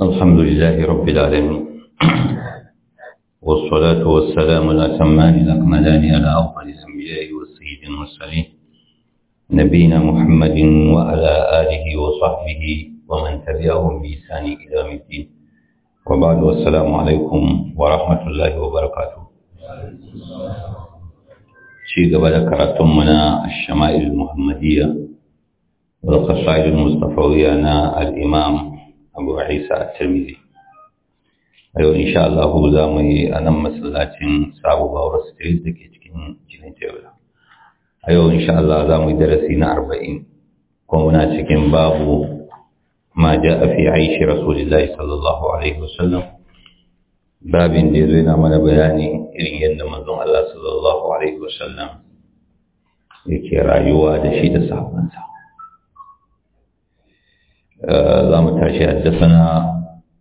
الحمد لله رب العالمين والصلاة والسلام الأتمان الأكملان على أفضل الأنبياء والسيد المرسلين نبينا محمد وعلى آله وصحبه ومن تبعهم بإحسان إلى يوم الدين وبعد والسلام عليكم ورحمة الله وبركاته شيء قبل كرتمنا الشمائل المحمدية والقصائد المصطفوية الإمام abu isa a tirmidhi a yau insha Allah za mu yi a nan masallacin sabu bawar street da ke cikin jinin tebula a yau insha Allah za mu yi darasi na arba'in kuma muna cikin babu ma ja a fi aishi rasulillahi sallallahu alaihi wasallam babin da ya zo yana mana bayani irin yadda manzon Allah sallallahu alaihi wasallam yake rayuwa da shi da sahabbansa لا متاشي حدثنا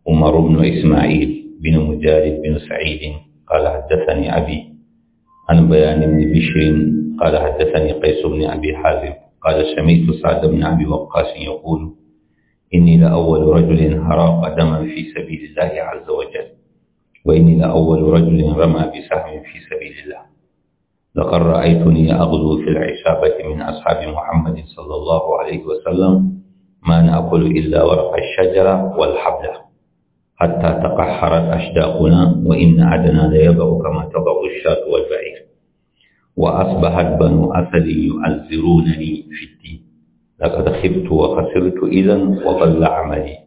عمر بن إسماعيل بن مجالد بن سعيد قال حدثني أبي عن بيان بن بشر قال حدثني قيس بن أبي حازم قال سمعت سعد بن أبي وقاص يقول إني لأول رجل هراق دما في سبيل الله عز وجل وإني لأول رجل رمى بسهم في سبيل الله لقد رأيتني أغزو في العشابة من أصحاب محمد صلى الله عليه وسلم ما نأكل إلا ورق الشجرة والحبلة حتى تقحرت أشداقنا وإن عدنا ليضع كما تضع الشاة والبعير وأصبحت بنو أسد يؤذرونني في الدين لقد خبت وخسرت إذا وضل عملي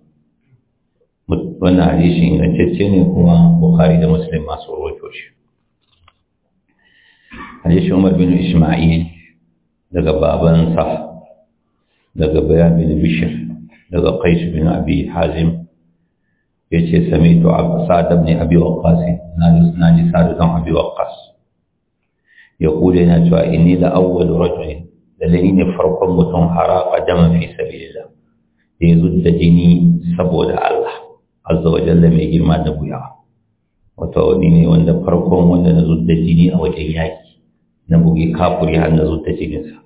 wannan hadisi إن ne هو بخاري مسلم muslim masu rawaito عمر بن إسماعيل لقد بابا صح daga bayan bin bishir daga qais bin abi hazim yace sami'tu sa'd ibn abi waqqas na ji sa'd ibn abi waqqas yaqulu yana cewa inni la awwal rajul lalle ne farkon mutum haraka daman fi sabilillah da ya zudda jini saboda Allah azza wa jalla mai girma da buya Wata ni ne wanda farkon wanda na zudda jini a wajen yaki na bugi kafuri har na zudda jininsa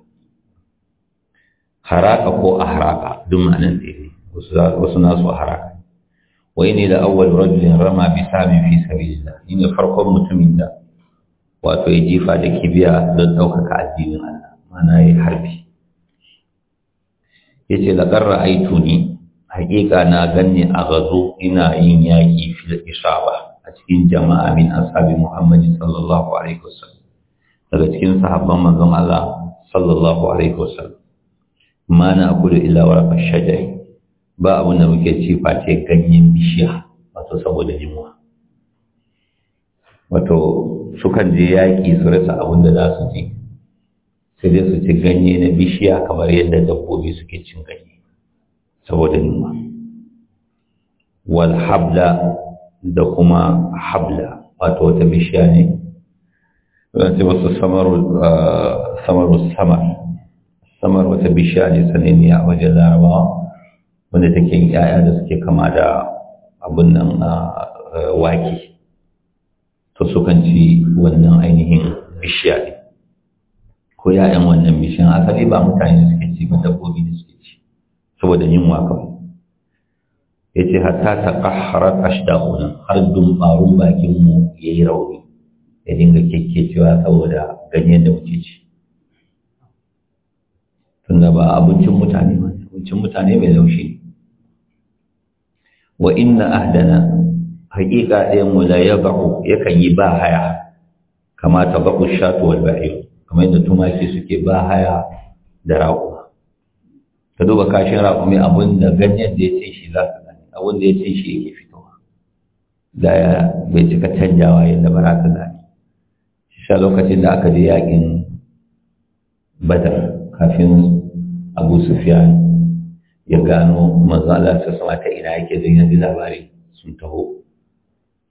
haraka ko ahraka duk ma'anan ɗaya wasu nasu haraka wai ne da awwal rajulin rama bi sami fi sabilillah ne farkon mutumin da wato ya jifa da kibiya don ɗaukaka addinin Allah mana ya harbi yace lakar ra'aytu ni haƙiƙa na ganni a gazo ina yin yaƙi fil isaba a cikin jama'a min ashabi Muhammad sallallahu alaihi wasallam daga cikin sahabban manzon Allah sallallahu alaihi wasallam ma na kudu illa warqa shajari ba abin da muke ci face ganyen bishiya wato saboda yunwa wato sukan je yaƙi su rasa abin da za su ci sai dai su ci ganye na bishiya kamar yadda dabbobi suke cin ganye saboda yunwa wal habla da kuma habla wato wata bishiya ne zai wasu ah, samaru samar samar wata bishiya ne sananniya a wajen larabawa wanda take yin 'ya'ya da suke kama da abin nan wake to sukan ci wannan ainihin bishiya ne ko 'ya'yan wannan bishiyan asali ba mutane da suke ci ba dabbobi da suke ci saboda yin waka ya ce hatta ta ƙaharar ashdaƙuna har dumbarun bakinmu ya yi rauni ya dinga kyakkyacewa saboda ganyen da muke ci tunda ba abincin mutane ba abincin mutane mai laushi wa inna ahdana haƙiƙa ɗayan mu la yabu yakan yi ba haya kama baku shatu wal ba'ir kamar yadda tumaki suke ba haya da raƙuma ka duba kashin raƙumi abin da ganyen da ya ce shi za ka gani abin da ya ce shi yake fitowa da ya bai cika canjawa yadda ba za ka gani shi lokacin da aka je yaƙin badar kafin abu sufiyan ya gano mazala ta sama ta ina yake zai yanzu labari sun taho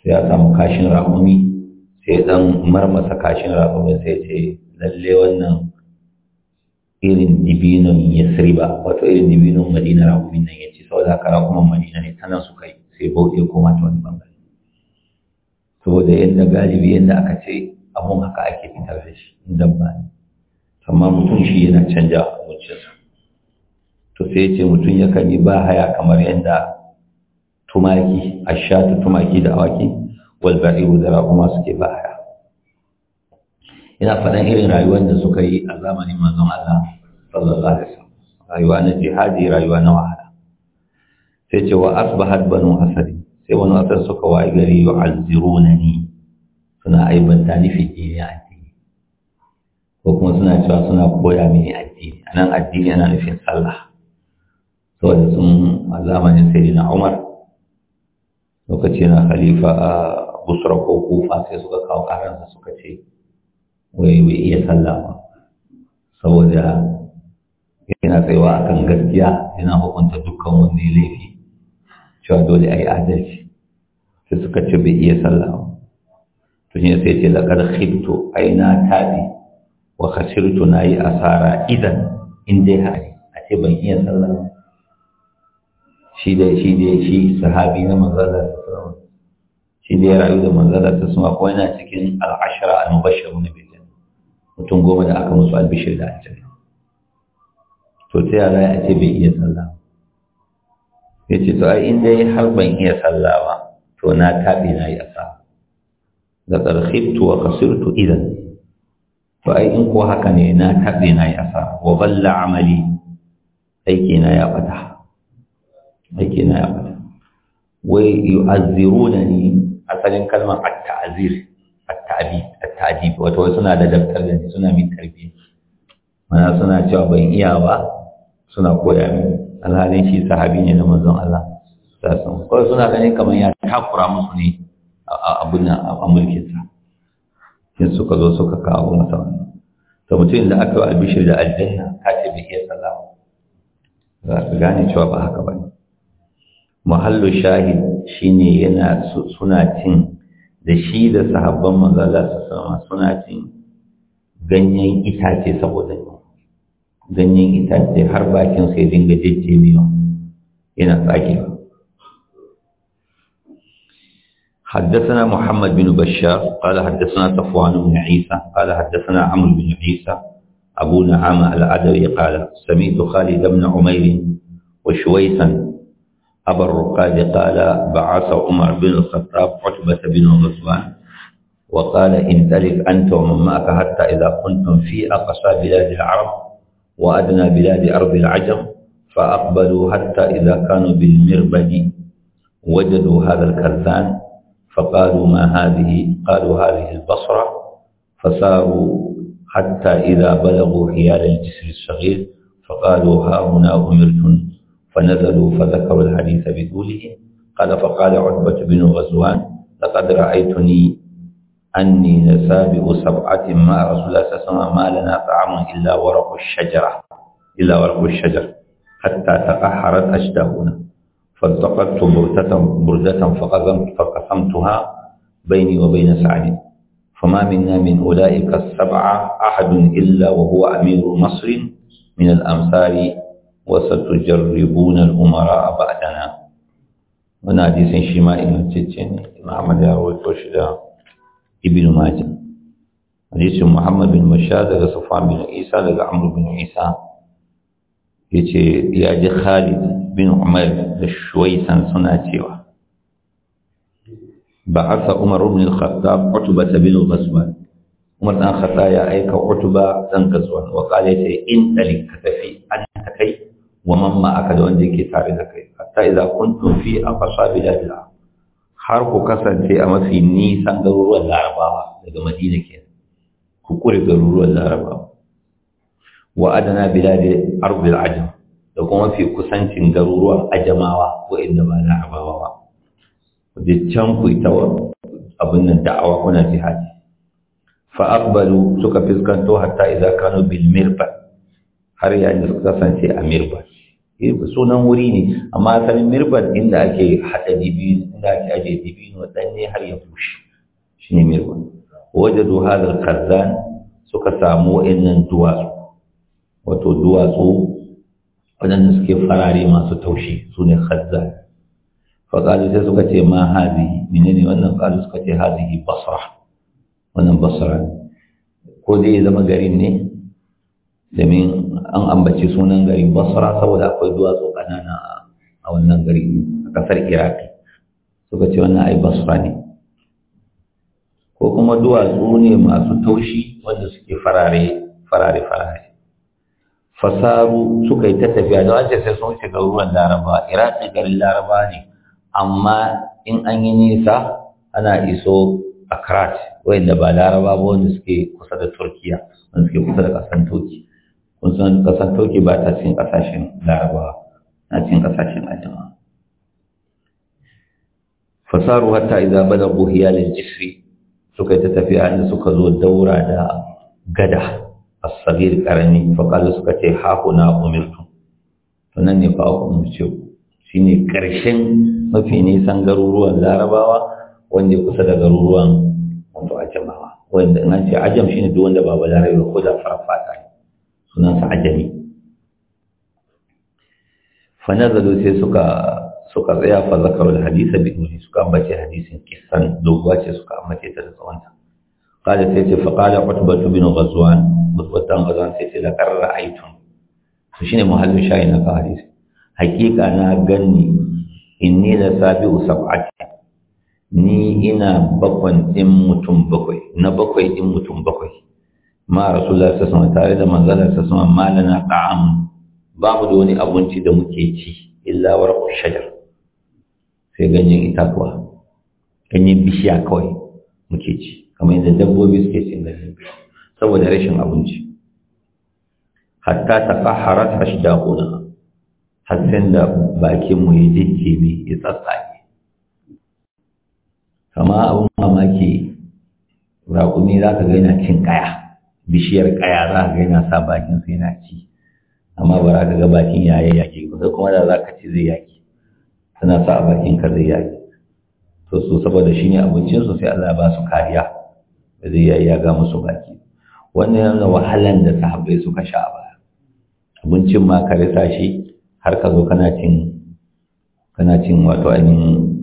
sai ya samu kashin ramuni sai dan marmasa kashin ramuni sai ce lalle wannan irin dibinon ba. wato irin dibinon madina ramuni nan ya ce da kara kuma madina ne tana su kai sai bauɗe koma ta wani bangare saboda yadda galibi yadda aka ce abun haka ake fitar da shi dabba ne amma mutum shi yana canja abincinsa to sai ce mutum ya yi ba haya kamar yadda tumaki a shatu tumaki da awaki wal da suke ba haya ina faɗan irin rayuwar da suka yi a zamanin manzon Allah sallallahu alaihi wasallam rayuwa na jihadi rayuwa na wahala sai ce wa asbahat banu asadi sai wani asar suka wayi gari yu'azzirunani suna aibanta ni fi addini, ko kuma suna cewa suna koya mini addini a nan addini yana nufin sallah saboda sun a zamanin na umar lokaci na khalifa a busra ko kufa sai suka kawo karansa suka ce wai bai iya sallama saboda yana tsayawa akan gaskiya yana hukunta dukkan wanda ya laifi cewa dole a yi adalci sai suka ce bai iya sallama tun shi sai ce laƙar khibto aina tabi wa khasirtu na yi asara idan in dai hari a ce ban iya sallama shi da shi da shi sahabi na manzala ta sama shi da ya rayu da manzala ta sama ko yana cikin al'ashara a mabashar na bilin mutum goma da aka musu albishir da aljanna to ta yara ya ce bai iya sallah ya ce to ai in dai har ban iya sallah ba to na tafi na yi asa da ƙarfiftu wa kasirtu idan to ai in ko haka ne na tafi na yi asa wa balla amali aiki na ya fata ake na yawa wai yu'azziruna ni asalin kalmar at-ta'zir at-ta'dib Wata wai suna da daftar da ni suna min tarbiyya mana suna cewa ban iya ba suna koya min alhalin shi sahabi ne na manzon Allah sallallahu kawai suna ganin kamar ya takura musu ne a abun a mulkin sa sai suka zo suka kawo masa wannan to mutum da aka yi albishir da aljanna ka ce bai iya sallah ba za ka gane cewa ba haka ba ne mahallu shahid shine yana suna cin da shi da sahabban manzo Allah sallallahu suna cin ganyen itace saboda ganyen itace har bakin sai dinga jejje miyo yana tsakewa حدثنا محمد بن بشار قال حدثنا صفوان بن عيسى قال حدثنا عمرو بن عيسى أبو نعام العدوي قال سمعت خالد بن عمير وشويسا أبا الرقاد قال بعث عمر بن الخطاب عتبة بن غزوان وقال انطلق أنت ومن معك حتى إذا كنتم في أقصى بلاد العرب وأدنى بلاد أرض العجم فأقبلوا حتى إذا كانوا بالمربد وجدوا هذا الكرثان فقالوا ما هذه قالوا هذه البصرة فساروا حتى إذا بلغوا حيال الجسر الصغير فقالوا ها هنا أمرتم فنزلوا فذكروا الحديث بطوله قال فقال عتبة بن غزوان لقد رأيتني أني نسابئ سبعة مع رسول الله صلى الله عليه وسلم ما لنا طعام إلا ورق الشجرة إلا ورق الشجر حتى تقحرت أشداؤنا فالتقطت بردة, بردة فقسمت فقسمتها بيني وبين سعد فما منا من أولئك السبعة أحد إلا وهو أمير مصر من الأمثال وستجربون الأمراء بعدنا من حديث شما ابن ya محمد يروي توشدا ابن ماجه حديث محمد bin مشاد daga Sufyan bin Isa daga Amr bin Isa yace ya ji Khalid bin Umar da Shuwaisan suna cewa ba'atha Umar ibn al-Khattab Utbah bin Ghazwan Umar dan Khattab ya aika Utbah dan Ghazwan wa qala yace in talik ka tafi an kai wa man ma'aka da wanda yake tare da kai hatta idza kuntum fi aqsabi al-ardh har ku kasance a mafi nisan garuruwan larabawa daga madina ke ku kure garuruwan larabawa wa adana biladi ardil ajam da kuma mafi kusancin garuruwan ajamawa wa'inda ba larabawa ba ku je can ku ta abin nan da'awa kuna jihadi fa suka fiskanto hatta idza kanu mirbat har kasance a mirbat Eh, sunan wuri ne amma asalin mirbar inda ake haɗa dibino inda ake ajiye dibino ɗan ne har ya bushe shi ne mirbar wajen duhazar karzan suka samu wa'annan duwatsu wato duwatsu waɗanda suke farare masu taushi su ne karzan faƙalu sai suka ce ma hazi menene wannan ƙalu suka ce hazihi basra wannan basra ko dai zama garin ne domin an ambaci sunan garin basra saboda akwai duwatsu ƙanana a wannan gari a ƙasar iraki suka ce wannan ai basra ne ko kuma duwatsu ne masu taushi wanda suke farare farare farare fasaru suka yi ta tafiya da wajen sai sun shiga ruwan laraba iraki garin laraba ne amma in an yi nisa ana iso a krat wanda ba laraba ba wanda suke kusa da turkiya wanda suke kusa da ƙasar turki kun san kasar turki ba ta cin kasashen larabawa na cin kasashen adama fasaru hatta idan bada buhiya da suka yi ta tafiya inda suka zo daura da gada a sabir karami fakalu suka ce haku na umirtu to nan ne fa mu ce ku ne karshen mafi nisan garuruwan larabawa wanda ya kusa da garuruwan wato ajamawa wanda in ce ajam shine duk wanda ba larabawa ko da farfata ne sunansa ajami fanazalu sai suka suka tsaya fa zakarul hadisa bi ne suka ambace hadisin kisan doguwa ce suka ambace ta da tsawonta qala sai ce fa qala utbatu bin ghazwan mutbatan ghazwan sai ce la qarra aitun to shine muhallin shayi na ka hadisi hakika na ganni inni la sabiu sab'ati ni ina bakwan din mutum bakwai na bakwai din mutum bakwai ma rasulullah sallallahu alaihi tare da manzon sallallahu alaihi wasallam malana ta'am ba mu da wani abinci da muke ci illa warqu shajar sai ganyen itatuwa ganyen bishiya kawai muke ci kamar yadda dabbobi suke cin ganyen saboda rashin abinci hatta taqahharat ashdaquna har sai da bakinmu ya jejjeme ya tsatsage kama abin mamaki raƙumi za ka gaina cin kaya. bishiyar kaya za ga yana sa bakin sai na ci amma ba za ka ga bakin ya yi yaƙi ba sai kuma da za ka ci zai yaƙi suna sa a bakin ka zai yaƙi to su saboda shi ne su sai Allah ba su kariya da zai yayi ga musu baki wannan yana wahalan da sahabbai suka sha ba abincin ma ka rasa shi har ka zo kana cin kana cin wato ainihin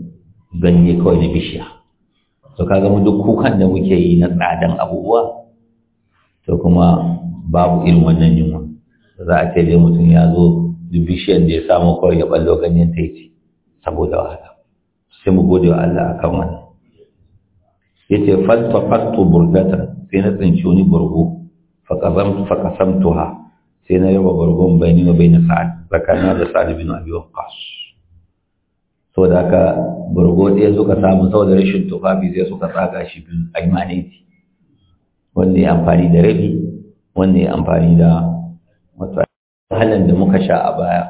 ganye kawai na bishiya to ga mu duk kukan da muke yi na tsadan abubuwa to kuma babu irin wannan yunwa za a ce dai mutum ya zo duk bishiyar da ya samu kawai ya ɓallo ganyen ta yi saboda wahala sai mu gode wa Allah akan wannan yace fastafaqtu burgatan sai na tsinci wani burgo faqazam faqasamtuha sai na yaba burgon bayni wa bayna sa'ad zakana da sa'ad bin abi waqqas saboda haka burgo ɗaya suka samu saboda rashin tufafi sai suka tsaga shi bin aimani wanda ya amfani da rabi wanda ya amfani da matsayi halin da muka sha a baya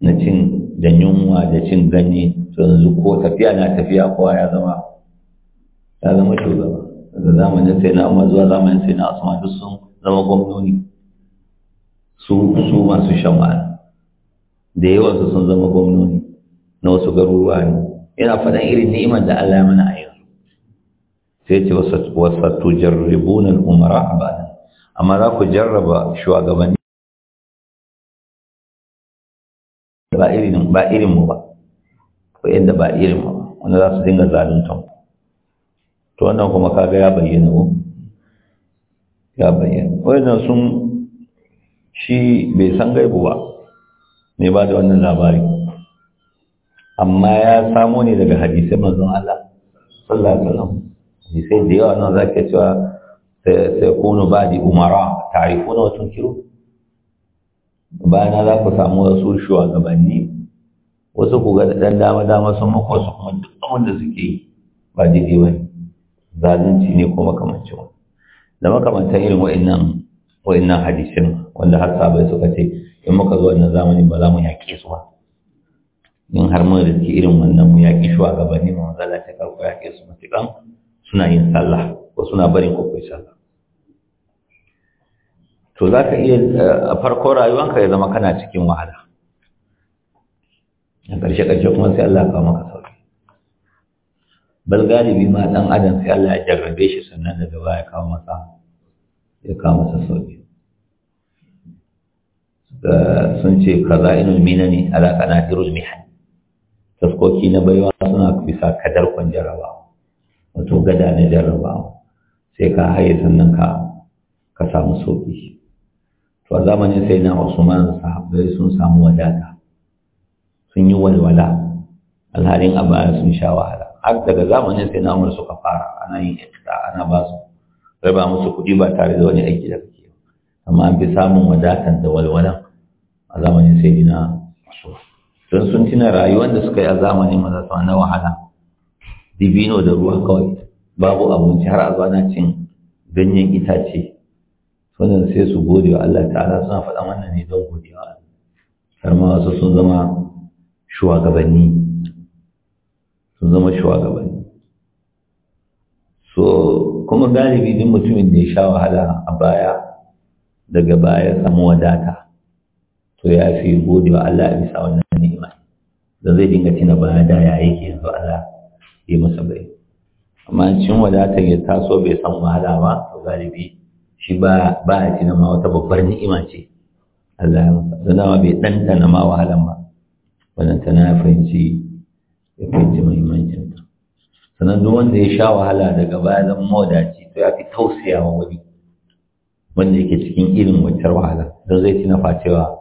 na cin da yunwa da cin ganye to yanzu ko tafiya na tafiya kowa ya zama ya zama shugaba daga zamanin sai na amma zuwa zamanin sai na asuma duk sun zama gwamnoni su su masu shan wani da yawansu sun zama gwamnoni na wasu garuruwa ne yana faɗan irin ni'imar da Allah ya mana sai ce wasa tujarribuna al-umara bayan amma za ku jarraba shugabanni ba irin ba irin mu ba ko yadda ba irin mu wanda za su dinga zaluntan to wannan kuma kaga ya bayyana ko ya bayyana wannan sun shi bai san gaibu ba mai ba da wannan labari amma ya samo ne daga hadisai manzon Allah sallallahu alaihi wasallam sai da yawa nan za ka cewa sai kunu ba di umara tarifu na watan kiro bayana za ku samu wasu shugabanni wasu ku ga ɗan dama dama sun mako su kuma duk da wanda suke ba daidai ba ne zalunci ne ko makamancin wani da makamantan irin wa'annan wa'annan hadisin wanda har sabai suka ce in muka zo wannan zamani ba za mu yaƙi su ba in har mun riski irin wannan mu yaƙi ba ma manzala ta karko yaƙe su matuƙan suna yin sallah ko suna barin ku kai sallah to za ka iya eh, a farko rayuwanka ya zama kana cikin wahala a ƙarshe-ƙarshe kuma sai Allah kawo maka sauki bal galibi ma ɗan adam sai Allah ya jarrabe shi sannan gaba ya kawo masa ya kawo masa sauki sun ce kaza inul ne alaƙa na irul mihan tafkoki na baiwa suna bisa kadar kwanjarawa wato gada na jarrabawa sai ka haye sannan ka ka samu sauki to a zamanin sai na usman sahabbai sun samu wadata sun yi walwala alhalin a baya sun sha wahala har daga zamanin sai na suka fara ana yin ikita ana ba su raba musu kuɗi ba tare da wani aiki da kake amma an fi samun wadatan da walwalan a zamanin sai na wasu. sun tuna rayuwar da suka yi a zamanin maza na wahala dibino da ruwa kawai babu abinci har a cin ganyen itace wannan sai su gode wa Allah ta'ala suna faɗa wannan ne don godewa har ma wasu sun zama shugabanni sun zama shugabanni so kuma galibi duk mutumin da ya sha wahala a baya daga baya samu wadata to ya fi gode wa Allah a bisa wannan ni'ima da zai dinga tina baya da yayi ke yanzu Allah yi masa bai amma cin wadatar ya taso bai san wahala ba to galibi shi ba a ci ma wata babbar ni'ima ce Allah ya masa don dama bai na ma wahalan ba wannan ta ya fahimci ya fahimci muhimmancin ta sannan duk wanda ya sha wahala daga baya zan mawadaci to ya fi tausaya wa wani wanda yake cikin irin wancan wahala don zai ci na facewa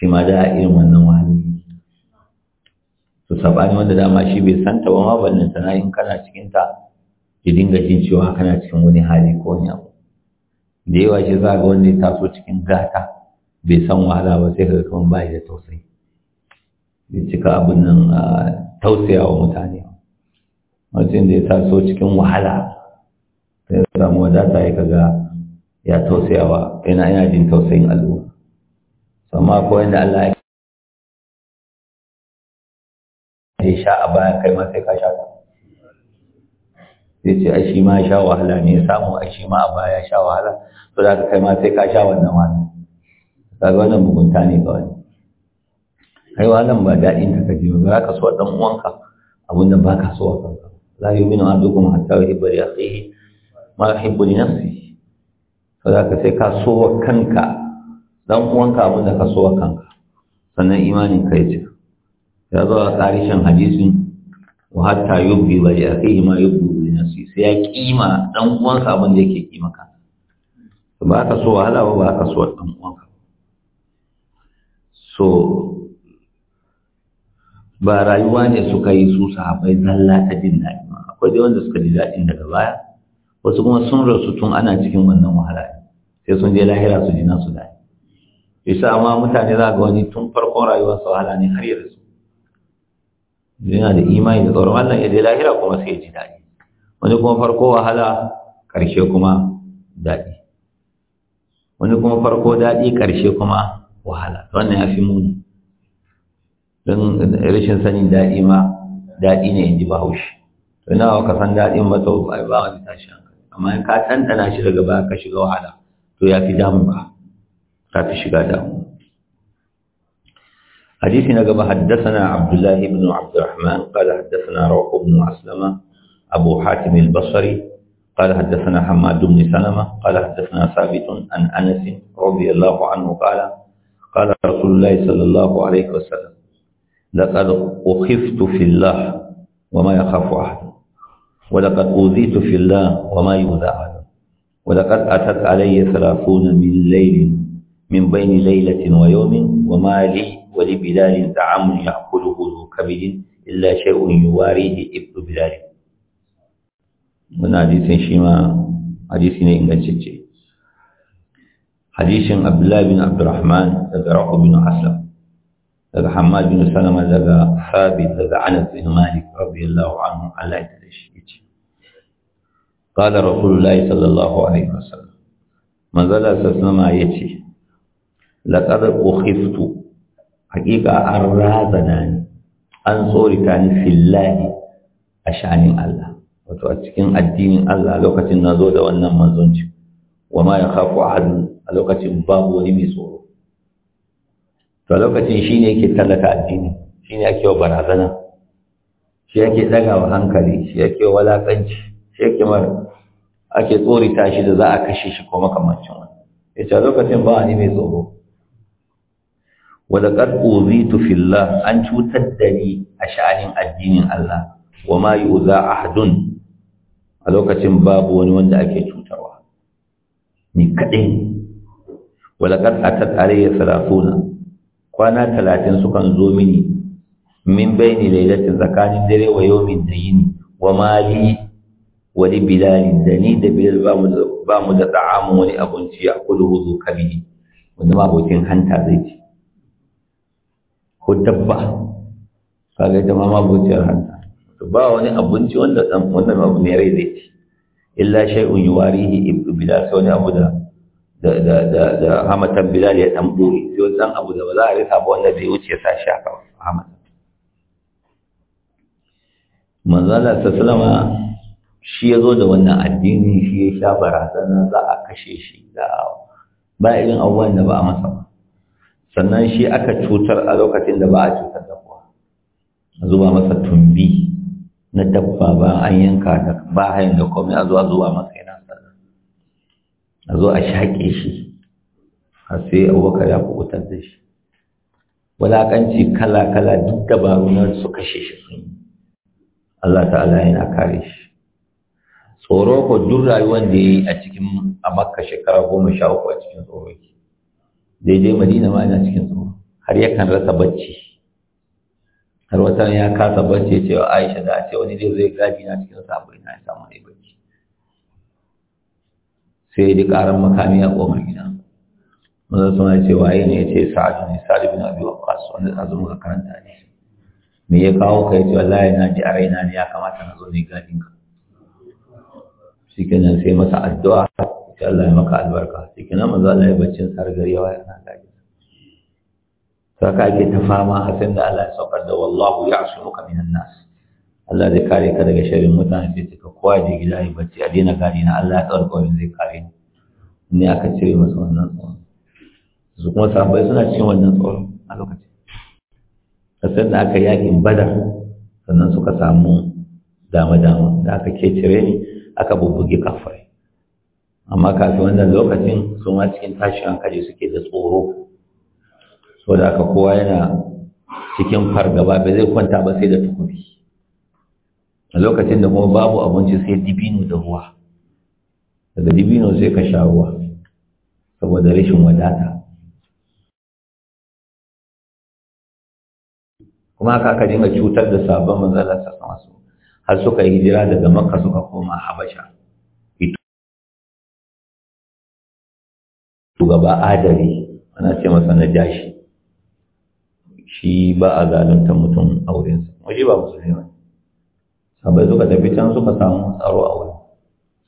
shi ma da irin wannan wahala to sabani wanda dama shi bai san ta ba ma ballan sana in kana cikin ta ki dinga jin cewa kana cikin wani hali ko wani abu da yawa shi za ga wanda ya taso cikin gata bai san wahala ba sai kaga kaman bai da tausayi ya cika abin nan tausaya wa mutane mutum da ya taso cikin wahala Sai ya samu wadata ya kaga ya tausayawa yana yana jin tausayin al'umma amma ko wanda Allah ya da sha a bayan kai ma sai ka sha ta sai ce ai shi ma sha wahala ne ya samu ai shi ma a baya sha wahala to da ka kai ma sai ka sha wannan wani kaga wannan mugunta ne ga wani kai wannan ba daɗin ta kaji ba za ka so dan uwanka abin da ba so a kanka la yu'minu ahadukum hatta yuhibba li akhihi ma yuhibbu li nafsihi to da ka sai ka so wa kanka dan uwanka abin da ka so wa kanka sannan imanin ka ya ya zo a tsarishin hadisin wa hatta yubbi wa li akhihi ma yubbi li nafsi sai ya kima dan uwansa abin da yake kima ka ba ka so wahala ba ba ka so dan ka so ba rayuwa ne suka yi su sahabbai zalla ta jin daɗi ma akwai dai wanda suka ji daɗin daga baya wasu kuma sun rasu tun ana cikin wannan wahala sai sun je lahira su ji nasu daɗi sai ma mutane za ga wani tun farkon rayuwarsa wahala ne har yanzu? yana da imani da tsoron Allah ya je lahira kuma sai ya ji daɗi wani kuma farko wahala ƙarshe kuma daɗi wani kuma farko daɗi ƙarshe kuma wahala wannan ya fi muni don rashin sanin daɗi ma daɗi ne in ji bahaushe to ina ka san daɗin matsau ba ba wani tashi hankali amma in ka tantana shi daga baya ka shiga wahala to ya fi damu ba ka fi shiga damu حديثنا قبل حدثنا عبد الله بن عبد الرحمن قال حدثنا روح بن مسلمة أبو حاتم البصري قال حدثنا حماد بن سلمة قال حدثنا ثابت عن أنس رضي الله عنه قال قال رسول الله صلى الله عليه وسلم لقد أخفت في الله وما يخاف أحد ولقد أوذيت في الله وما يؤذى أحد ولقد أتت علي ثلاثون من ليل من بين ليلة ويوم وما لي wani bilalin da ya kulu hudu kabilin illa shai'un yi wari da ibu bilalin muna hadisin shi ma hadisi ne ingancicce hadisin abdullahi bin abdurrahman daga rahu bin aslam daga hamad bin salama daga sabi daga anas bin malik rabbi allahu anhu allah ya tare shi yace qala rasulullahi sallallahu alaihi wasallam manzala sallama yace laqad ukhiftu hakika an razana ni an tsorita ni fillahi a sha'anin Allah wato a cikin addinin Allah lokacin na zo da wannan manzonci wa ma ya a ahadun a lokacin babu wani mai tsoro to lokacin shi ne yake tallata addini ne ake wa barazana shi yake daga wa hankali shi yake walakanci shi yake mara ake tsorita shi da za a kashe shi ko makamancin wani ya ce lokacin ba ni mai tsoro wa laqad uzitu an cutar da ni a sha'anin addinin Allah wa ma yi ahadun a lokacin babu wani wanda ake cutarwa ni kadai wa ta atat alayya salasuna kwana talatin sukan zo mini min baini laylatin tsakanin dare wa yawmin dayin da ni wa li bilal dani da bilal ba mu da ta'amu wani abinci a kulu kari kabi wanda ma hanta zai ci ko kaga ita ma mabuciyar hanta to ba wani abinci wanda dan wannan abu ne rai zai ci illa shay'un yuwarihi ibda sai wani abu da da da da hamatan bilal ya dan buri sai wani dan abu da ba za a rasa ba wanda zai wuce sa shi haka hamatan manzo Allah sallama shi ya zo da wannan addini shi ya sha barazana za a kashe shi da ba irin abubuwan da ba a masa ba sannan shi aka cutar a lokacin da ba a cutar da kuwa a zuba masa tumbi na dabba ba an yanka da ba hayan da komai a zuwa zuwa masa yana sallah a zo a shaƙe shi A sai abubakar ya kubutar da shi wulaƙanci kala-kala duk dabaru na su kashe shi sun yi Allah ta'ala yana kare shi tsoro ko duk rayuwar da ya yi a cikin a makka shekara goma sha uku a cikin tsoro Daidai madina ma yana cikin tsoro har yakan rasa bacci har wata ya kasa bacci cewa aisha da a ce wani dai zai gadi na cikin sabai ina ya samu ne bacci sai ya ji karan makami a kofar gida maza suna ce waye ne ya ce sa'adu ne sa'adu bin abi waqqas wanda a zo muka karanta ne me ya kawo ka ya ce wallahi na ji a raina ne ya kamata na zo ne gadin ka shi kenan sai masa addu'a sai Allah ya maka albarka cikin nan manzo Allah ya bacci har gari yawa yana gaji to ake ta fama a san da Allah ya saukar da wallahu ya'sumuka minan nas Allah zai kare ka daga sharrin mutane sai ka kowa je gida ya bacci a dina gadi na Allah ya tsawar kawai zai kare ni ne aka cire masa wannan tsoron. su kuma sahabbai suna cikin wannan tsoron a lokacin san da aka yakin badar sannan suka samu dama-dama da aka ke cire ni aka bubbuge kafare amma kafin wannan lokacin su ma cikin tashin hankali suke da tsoro so da kowa yana cikin fargaba bai zai kwanta ba sai da tukufi. a lokacin da kuma babu abinci sai dibino da ruwa daga dibino sai ka sha ruwa saboda rashin wadata kuma haka aka dinga cutar da sabon manzalar sassan wasu har suka yi hijira daga makka suka koma habasha shugaba adari ana ce masa na jashi shi ba a zalunta mutum a wurinsa waje ba musulmi ba sabai suka tafi can suka samu tsaro a wurin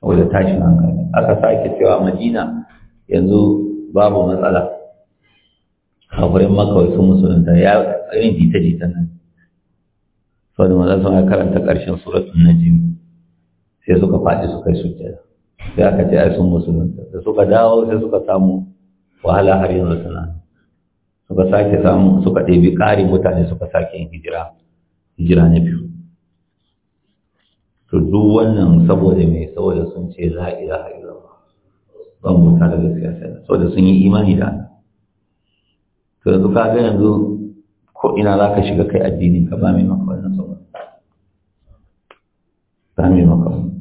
saboda tashin hankali aka sake cewa madina yanzu babu matsala wurin makawai sun musulunta ya irin jita-jita nan saboda maza sun karanta ƙarshen suratun najimi sai suka faɗi su kai su sujjada sai aka ce ai sun musulunta da suka dawo sai suka samu wahala har yanzu suna suka sake samu suka ɗebi ƙarin mutane suka sake yin hijira hijira na biyu to duk wannan saboda mai saboda sun ce la ilaha illallah ban buta da gaskiya sai saboda sun yi imani da ana to yanzu ka ga yanzu ko ina za ka shiga kai addinin ka ba mai maka wannan saboda ba mai maka wannan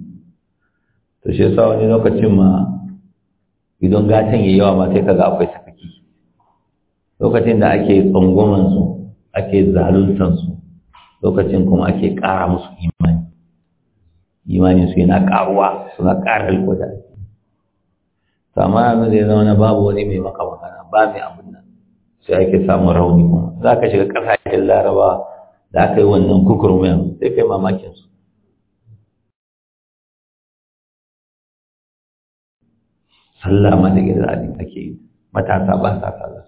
to shi yasa wani lokacin ma idan gatan ya yawa ma sai ga akwai sakaki lokacin da ake tsangwaman su ake zaluntan su lokacin kuma ake ƙara musu imani imanin su yana ƙaruwa suna ƙara alƙoda amma yanzu da ya zama na babu wani mai maka magana ba mai abin nan sai ake samun rauni kuma za ka shiga ƙasashen larabawa da aka yi wannan kukurmiyan sai kai mamakin su sallah ma da gidan ake yi matasa ba sa sallah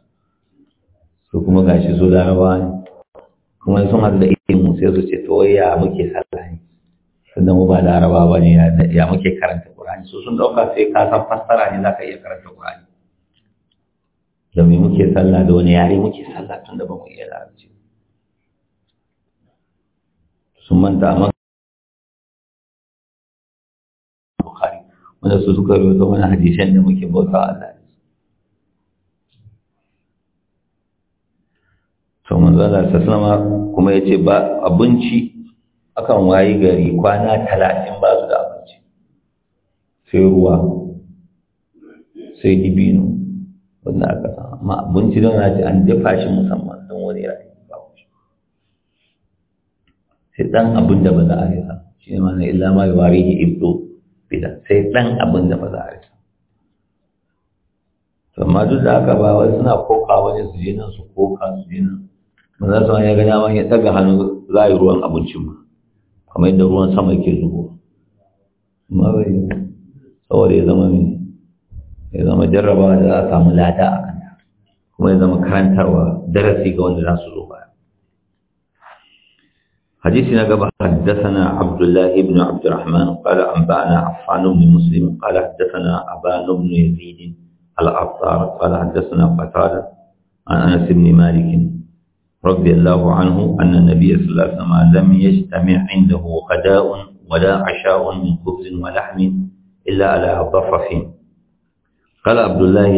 su kuma gashi su larabawa ne kuma sun haɗu da ilimin sai su ce to ya muke sallah ne sannan mu ba laraba ba ne ya muke karanta ƙur'ani su sun ɗauka sai ka san fassara ne za ka iya karanta ƙur'ani da mai muke sallah da wani yare muke sallah tun da ba mu iya larabci sun manta amma wanda su suka rubuta wani hadisan da muke bauta Allah ne to manzala sallama kuma yace ba abinci akan wayi gari kwana talatin ba su da abinci sai ruwa sai dibino wanda aka san amma abinci don na ce an dafa shi musamman don wani rayu ba shi sai dan abin da ba za a rasa shi ne mana illa ma yawarihi ibdo bida sai ɗan abin da ba za a rasa amma duk da haka ba wai suna koka wani su je nan su koka su je nan manzan sama ya ga dama ya daga hannu za a yi ruwan abincin ba kamar yadda ruwan sama ke zubo amma bai saboda ya zama mai ya zama jarrabawa da za a samu lada a kanta kuma ya zama karantarwa darasi ga wanda za su zo baya حديثنا قبل حدثنا عبد الله بن عبد الرحمن قال أنبأنا عفان بن مسلم قال حدثنا أبان بن يزيد الأبطار قال حدثنا قتادة عن أنس بن مالك رضي الله عنه أن النبي صلى الله عليه وسلم لم يجتمع عنده غداء ولا عشاء من خبز ولحم إلا على ضفف قال عبد الله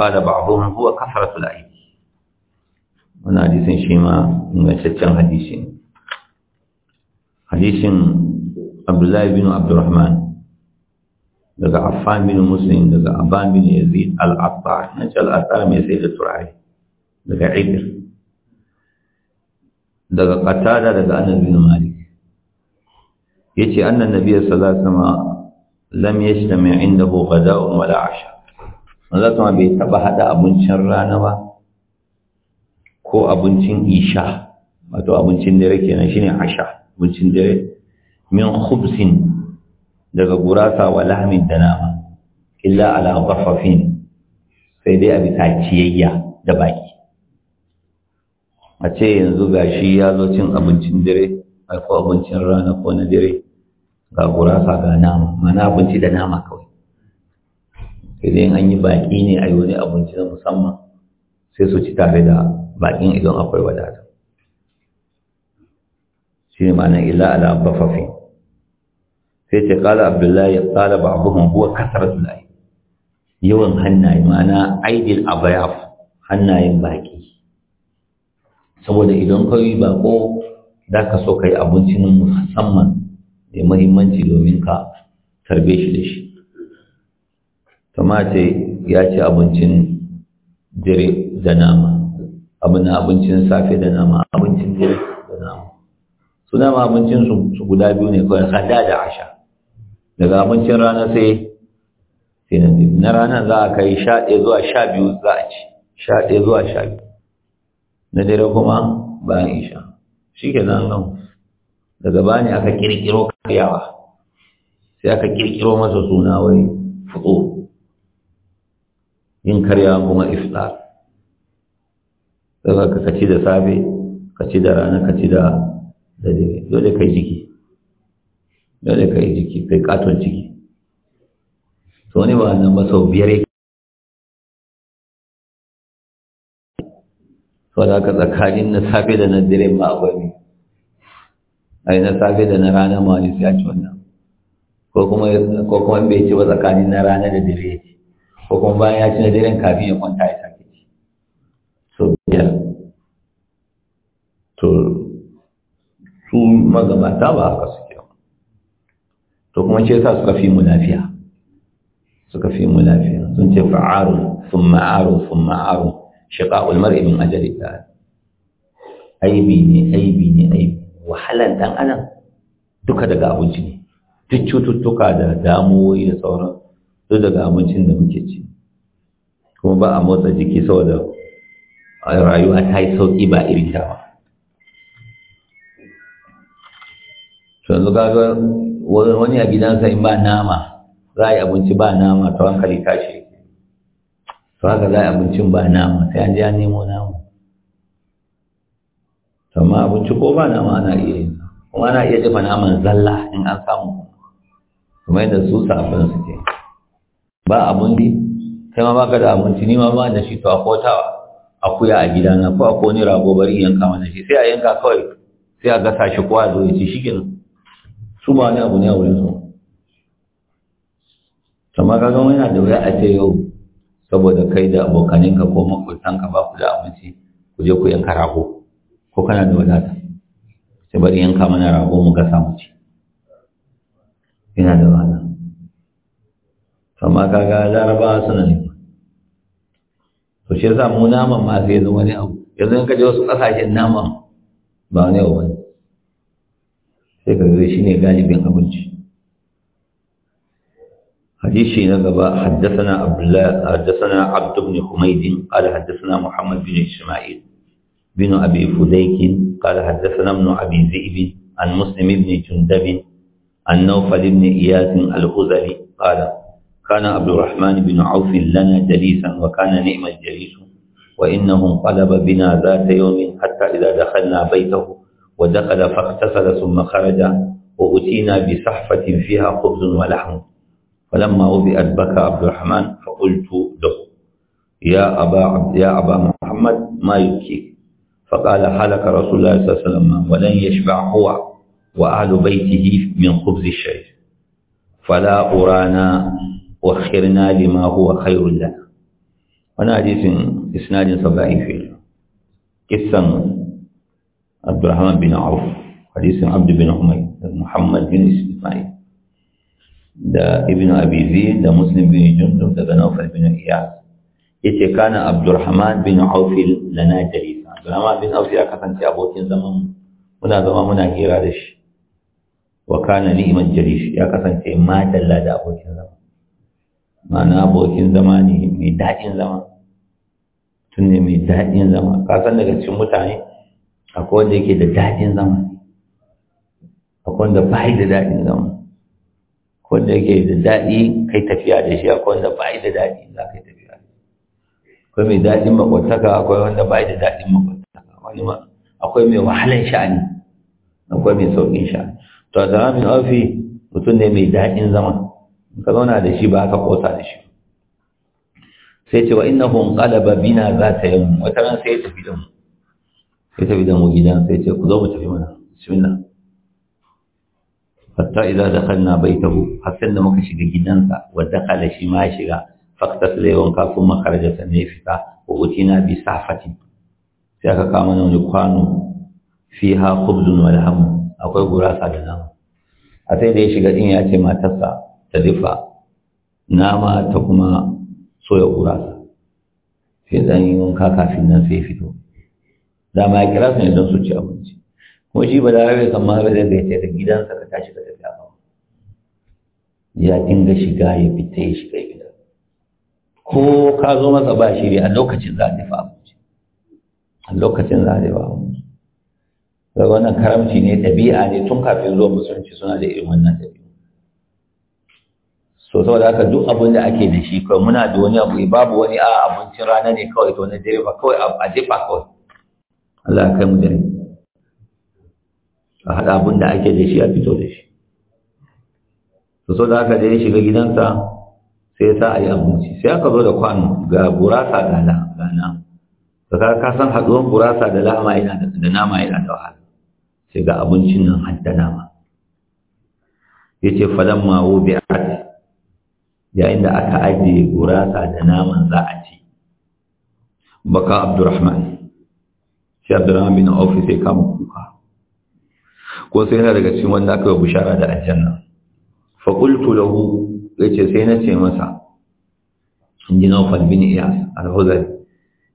قال بعضهم هو كثرة الأيدي wannan hadisin shi ma ingantaccen hadisi ne hadisin abdullahi bin abdurrahman daga affan bin muslim daga abban bin yazid al-attar na ce al-attar mai sai da turare daga ibir daga katada daga anas bin malik yace annan nabiyyi sallallahu alaihi wasallam lam ko indahu wa wala 'asha manzo kuma bai taba hada abincin rana ba ko abincin isha wato abincin dare kenan shine asha abincin dare min khubsin daga gurasa wa lahmin da nama illa ala ghaffafin sai dai a bisa ciyayya da baki a ce yanzu gashi ya zo cin abincin dare ko abincin rana ko na dare ga gurasa ga nama mana abinci da nama kawai sai dai an yi baki ne a yi wani abinci na musamman sai su ci tare da bakin idan akwai wadata shi ne ma'anar illa ala bafafi sai ce kala abdullahi kala ba abubuwan huwa kasar Zulai. yawan hannaye ma'ana aidil abayaf hannayen baki saboda idan ka yi bako za ka so ka yi abincin musamman mai mahimmanci domin ka tarbe shi da shi ce ya ci abincin dare da nama abin abincin safe da nama abincin dare su dama abincin su guda biyu ne kawai hada da asha daga abincin rana sai na ranar za a kai sha ɗaya zuwa sha biyu za a ci sha ɗaya zuwa sha biyu na dare kuma bayan isha shi ke nan nan daga ne aka ƙirƙiro karyawa sai aka ƙirƙiro masa suna wai fito yin karyawa kuma iftar daga ka ci da safe ka ci da rana ka ci da dole kai jiki dole kai jiki kai katon ciki to ne ba nan ba sau biyar sau da aka tsakanin na safe da na dire ma akwai ne a yi na safe da na rana ma ne sai a ci wannan ko kuma bai ci ba tsakanin na rana da dire ya ci ko kuma bayan ya ci na diren kafin ya kwanta ya sake ci sau biyar to su magabata ba haka suke to kuma ce sa suka fi mu lafiya suka fi mu lafiya sun ce fa'aru sun ma'aru sun ma'aru shiqa'ul mar'i min ajali ta aibi ne aibi ne aibi wahalan dan adam duka daga abinci ne duk cututtuka da damuwoyi da sauran duk daga abincin da muke ci kuma ba a motsa jiki saboda rayuwa ta yi sauƙi ba irin ta ba yanzu kaga wani a gidansa in ba nama za a yi abinci ba nama to hankali tashi to haka za a yi abincin ba nama sai an ji an nemo nama amma abinci ko ba nama ana iya yi kuma ana iya dafa naman zalla in an samu kuma yadda su safin suke ba abun bi kai ma baka da abinci ni ma ba da shi to a kotawa akuya a gidana ko a koni rago bari yanka mana shi sai a yanka kawai sai a gasa shi kowa zo ya ci shi kenan su ba wani abu ne a wurin su kamar kaga yana da wuya a ce yau saboda kai da abokaninka ko makwabtanka ba ku da abinci ku je ku yanka rago ko kana da wadata sai bari yanka mana rago mu ga mu ci yana da wahala amma kaga laraba suna ne to shi yasa mu naman ma sai zama wani abu yanzu in ka je wasu kasashen naman ba wani abu sai ka zo shi ne galibin abinci حديثي نقبا حدثنا عبد الله حدثنا عبد بن حميد قال حدثنا محمد بن اسماعيل بن ابي فديك قال حدثنا ابن ابي ذئب عن مسلم بن جندب عن نوفل بن اياس الخزري قال كان عبد الرحمن بن عوف لنا جليسا وكان نعم الجليس وانه انقلب بنا ذات يوم حتى اذا دخلنا بيته ودخل فاغتسل ثم خرج وأتينا بصحفة فيها خبز ولحم فلما وضئت بكى عبد الرحمن فقلت له يا أبا, عبد يا أبا محمد ما يبكيك فقال حالك رسول الله صلى الله عليه وسلم ولن يشبع هو وأهل بيته من خبز الشيء فلا أرانا وخرنا لما هو خير لنا وانا حديث إسناد في قصة عبد الرحمن بن عوف حديث عبد بن عمر محمد بن اسماعيل ده ابن ابي ذئب ده مسلم بن جندب ده بن نوفل بن اياس يتي كان عبد الرحمن بن عوف لنا جليسا عبد الرحمن بن عوف كان في ابوك زمان هنا زمان هنا كيرادش وكان نيما جليس يا كان في ما دل ده ابوك زمان ما انا ابوك زماني ميدان زمان تني ميدان زمان كان نغتشم متاني akwai wanda yake da daɗin zama akwai wanda ba da daɗin zama akwai wanda yake da daɗi kai tafiya da shi akwai wanda ba da daɗi za ka yi tafiya akwai mai daɗin makwantaka akwai wanda ba da daɗin makwantaka wani ma akwai mai wahalan sha'ani akwai mai sauƙin sha'ani to a zama min ofi mutum ne mai daɗin zama in ka zauna da shi ba ka ƙosa da shi sai ce wa hun ƙalaba bina yi yawm wata ran sai ya tafi da mu ya tafi da mu gidan sai ce ku zo mu tafi mana bismillah hatta idza dakhalna baytahu hasan da muka shiga gidansa wa dakhala shi ma shiga faqtas laywan ka kuma kharaja ne fita wa utina bi safatin sai aka kama mana wani kwano fiha khubzun wa laham akwai gurasa da nama a sai da ya shiga din ya ce matarsa ta dafa nama ta kuma soya gurasa sai dan yi wanka kafin nan sai fito da ma kira su ne don su ci abinci kuma shi ba da rabe kan ma zai gaita da gidansa ka tashi ka tafi ba ya dinga shiga ya fita ya shiga gida ko ka zo masa ba shiri a lokacin za a dafa abinci a lokacin za a dafa abinci ga wannan karamci ne ɗabi'a ne tun kafin zuwa musulunci suna da irin wannan ɗabi'a so saboda haka duk abin da ake da shi kawai muna da wani abu babu wani a abincin rana ne kawai to na direba kawai a jefa kawai Allah ya kai mu dare a haɗa abin da ake da shi a fito da shi to so da aka je ya shiga gidansa sai ya sa a yi abinci sai aka zo da kwano ga burasa da lana da ka san haɗuwan burasa da lama yana da nama yana da wahala sai ga abincin nan har da nama ya ce falon mawo bi yayin da aka ajiye gurasa da naman za a ci baka abdurrahman sai abdurrahman bin ofis ya kama kuka ko sai yana daga cikin wanda aka yi bishara da aljanna fa qultu ya yace sai na ce masa in ji nawfal bin iyas al-huzali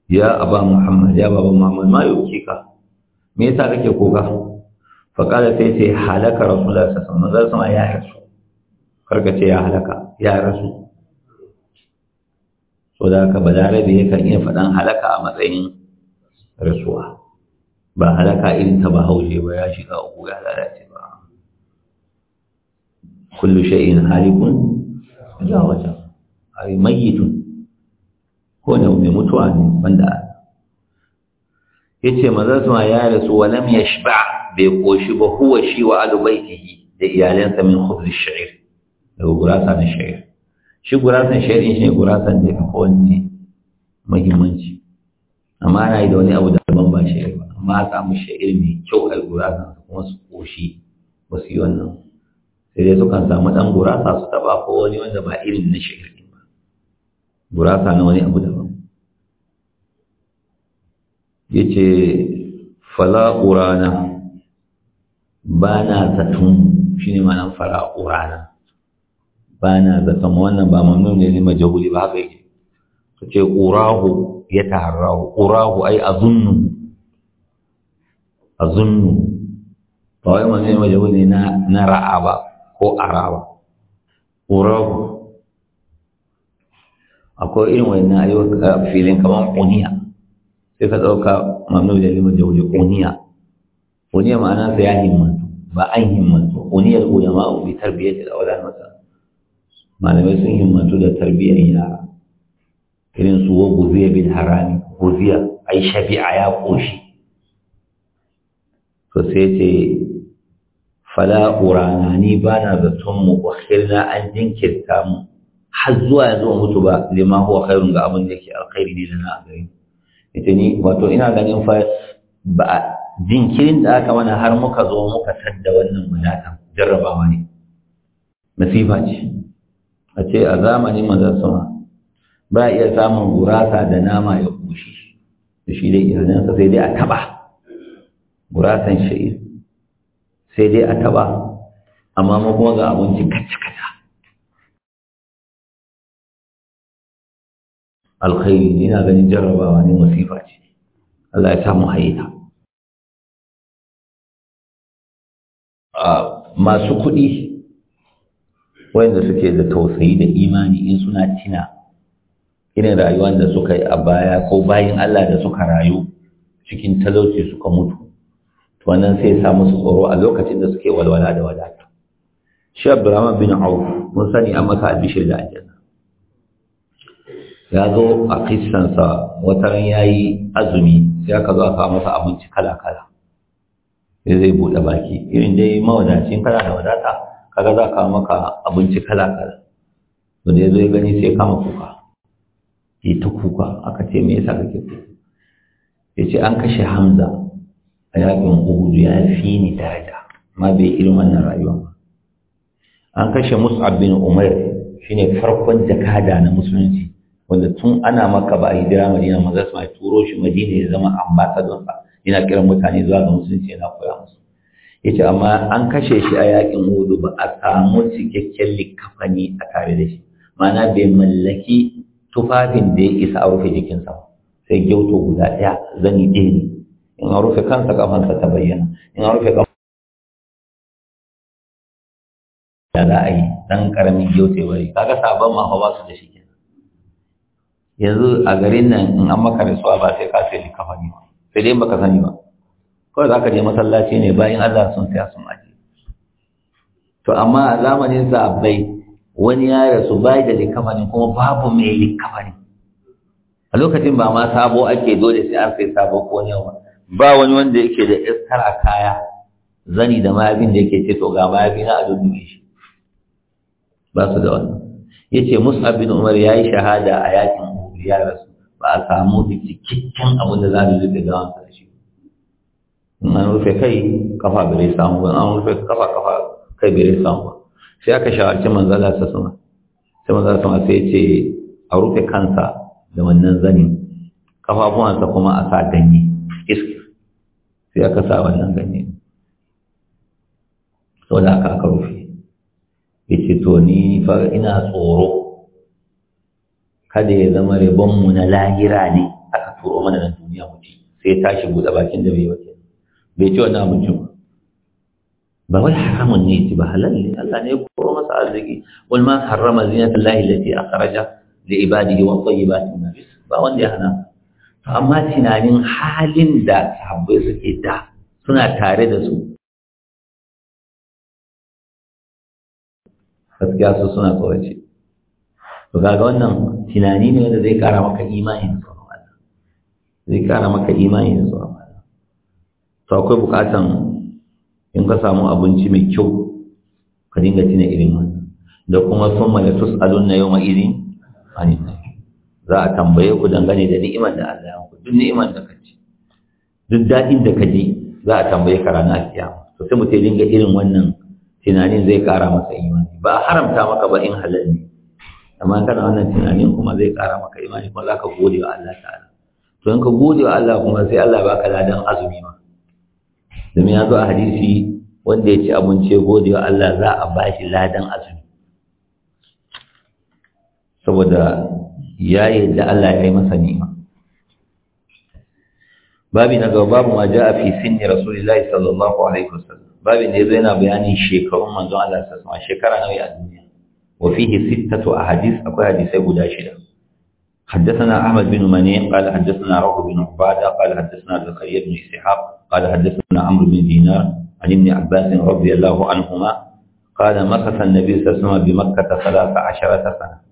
ya aba muhammad ya baba muhammad ma kika me yasa kake kuka fa qala sai ce halaka rasulullah sallallahu alaihi wasallam ya rasu karka ce ya halaka ya rasu so da haka balarabe yakan iya faɗan halaka a matsayin rasuwa ba halaka irin ta bahaushe ba ya shiga uku ya lalace ba kullu shay'in halikun ila wata ay mayyitun ko da mai mutuwa ne wanda yace manzo sama ya rasu wa lam yashba bai koshi ba huwa shi wa alu baitihi da iyalansa min khubz ash-sha'ir daga gurasa na sha'ir shi gurasan sha'ir shi ne gurasan da ya fi kowanne muhimmanci amma ana yi da wani abu daban ba sha'ir ba matsa samu sha'ir mai kyau a gurasa kuma su koshi ba su yi wannan sai dai sukan samu ɗan gurasa su taɓa ko wani wanda ba irin na sha'ir ɗin ba gurasa na wani abu daban ya ce fala ƙurana ba na zaton shi ne manan fara ƙurana ba na zaton wannan ba mamnun ne ne majahuli ba haka yake ka ce ƙurahu ya taharrahu ƙurahu ai azunnu أظن طالما من وجود نرى أبا هو أرى أبا أراب أكو إن وإن أيوة فيلين كمان أونيا كيف تقول كمان وجود لي وجود أونيا أونيا ما أنا سياهي ما ما أيهم ما أونيا هو يما هو بتربية الأولاد مثلا ما نبي سنهم ما تودا تربية يارا كلين سوو بوزية بالهراني بوزية أي شبيع يا بوشي to sai ce fala urana ba na zaton mu ukhirna an jinkirta mu har zuwa ya zuwa mutu ba lima huwa khairun ga abin da yake alkhairi ne da na gari ita ni wato ina ganin fa ba jinkirin da aka mana har muka zo muka san da wannan wadatan jarrabawa ne masifa ce a ce a zamanin manzon sama ba iya samun gurasa da nama ya kushi da shi dai iyalansa sai dai a taɓa. gurasan sha'ir sai dai a taba amma ma kuma ga abinci kacce-kacce alkhairi yana ganin jarrabawa ne masifa ce Allah ya samu haita masu kuɗi wanda suke da tausayi da imani in suna tina irin rayuwar da suka yi a baya ko bayan Allah da suka rayu cikin talauci suka mutu wannan sai sa musu tsoro a lokacin da suke walwala da wadata shi abdurrahman bin auf mun sani maka a albishir da aljanna ya zo a kissansa wataran ya yi azumi sai aka zo kawo masa abinci kala-kala Ya zai buɗe baki irin dai mawadacin kala da wadata kaga za ka maka abinci kala-kala wanda ya zo ya gani sai kama kuka yi ta kuka aka ce me yasa kake kuka ya ce an kashe hamza yakin uhudu ya fi ni daraja ma bai irin wannan rayuwa ba. an kashe mus'ab bin umar shine farkon jakada na musulunci wanda tun ana maka ba a hijira madina maza su mai turo shi madina ya zama ambasadon sa yana kiran mutane zuwa ga musulunci yana koya musu yace amma an kashe shi a yakin uhudu ba a samu cikakken likafani a tare da shi ma'ana bai mallaki tufafin da ya isa a rufe jikinsa sai gyauto guda ɗaya zani ɗaya ne in an rufe kansa kafansa ta bayyana in an rufe kafansa da za dan yi ɗan ƙaramin kaga sabon ma ba su da shi yanzu a garin nan in an maka rasuwa ba sai ka sai likafani ba sai dai baka sani ba kawai za ka je masallaci ne bayan Allah sun sai sun aje to amma a zamanin bai wani ya rasu bai da likafani kuma babu mai likafani a lokacin ba ma sabo ake dole sai an sai sabo ko yawa ba wani wanda yake da iskar a kaya zani da mayafin da yake ce to ga mayafina na a dundube shi ba su da wannan ya ce mus'ab bin umar ya yi shahada a yakin ya rasu ba a samu da cikakken abin da za mu zuke da wansa da shi in an rufe kai kafa bere samu ba an rufe kafa kafa kai bere samu ba sai aka shawarci manzala sa sama sai manzala sama sai ce a rufe kansa da wannan zani kafafuwansa kuma a sa ganye iska sai aka sa wannan ganye sau da aka aka rufe ya ce to ni fara ina tsoro kada ya zama mu na lahira ne aka turo mana na duniya mu sai sai tashi buɗe bakin da bai wata bai ci wannan abincin ba wai haramun ne ci ba halal ne Allah ne ya koro masa arziki wal ma harrama zinatan a karaja. akhraja li ibadihi wa tayyibati min ba wanda ya hana amma tunanin halin da sahabbai suke da suna tare da su gaskiya su suna tsorace to kaga wannan tunani ne wanda zai kara maka imanin su zai kara maka imanin su to akwai bukatan in ka samu abinci mai kyau ka dinga tuna irin wannan da kuma sun mala tus'alun na yau ma izin anin za a tambaye ku dangane da ni'imar da Allah ya muku duk ni'imar da kaji duk daɗin da kaji za a tambaye ka ranar kiyama to sai mutum dinga irin wannan tunanin zai ƙara masa imani ba a haramta maka ba in halal ne amma kana wannan tunanin kuma zai ƙara maka imani kuma za ka gode wa Allah ta'ala to in ka gode wa Allah kuma sai Allah ba ka ladan azumi ma domin ya zo a hadisi wanda ya ci abinci ya gode wa Allah za a ba shi ladan azumi saboda ya yadda Allah ya yi masa ni'ima babi na gaba babu ma ja'a fi ne rasulillahi sallallahu alaihi wasallam babin da yazo yana bayanin shekarun manzon Allah sallallahu alaihi shekara nawa a duniya wa fihi sittatu ahadith akwai hadisai guda shida حدثنا أحمد بن منيع قال حدثنا روح بن عبادة قال حدثنا زكريا بن إسحاق قال حدثنا عمرو بن دينار عن ابن عباس رضي الله عنهما قال مكث النبي صلى الله عليه وسلم بمكة ثلاث عشرة سنة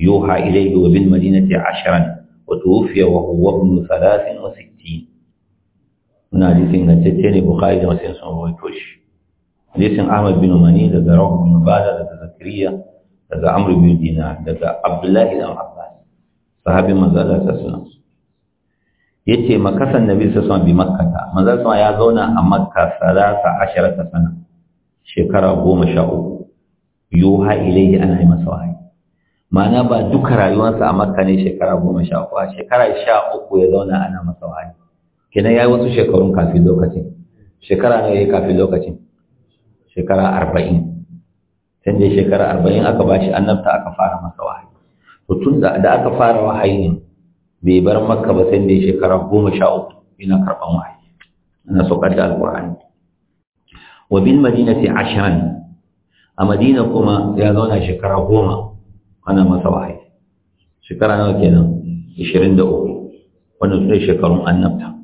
يوحى إليه وبالمدينة عشرا وتوفي وهو ابن ثلاث وستين من حديث نجتين بخاري ومسلم صلى الله عليه وسلم حديث أحمد بن مني لدى روح بن بادة لدى زكريا لدى عمرو بن دينار لدى عبد الله بن عباس صحابي من ذا لا yace makasan nabi sallallahu alaihi wasallam bi makkah manzo sallallahu ya zauna a makka salasa asharata sana shekara 13 yuha ilayhi ana yi masa wahayi ma'ana ba duka rayuwarsa a makka ne shekara goma sha uku shekara sha uku ya zauna ana masa wahayi kenan ya yi wasu shekarun kafin lokacin shekara ne ya yi kafin lokacin shekara arba'in can dai shekara arba'in aka ba shi annabta aka fara masa wahayi to tun da aka fara wahayi bai bar makka ba sai dai shekara goma sha uku ina karɓan wahayi ana saukar da alƙur'ani wa bin madinati ashiran a madina kuma ya zauna shekara goma ana masa wahayi shekara nawa kenan 23 wannan sune shekarun annabta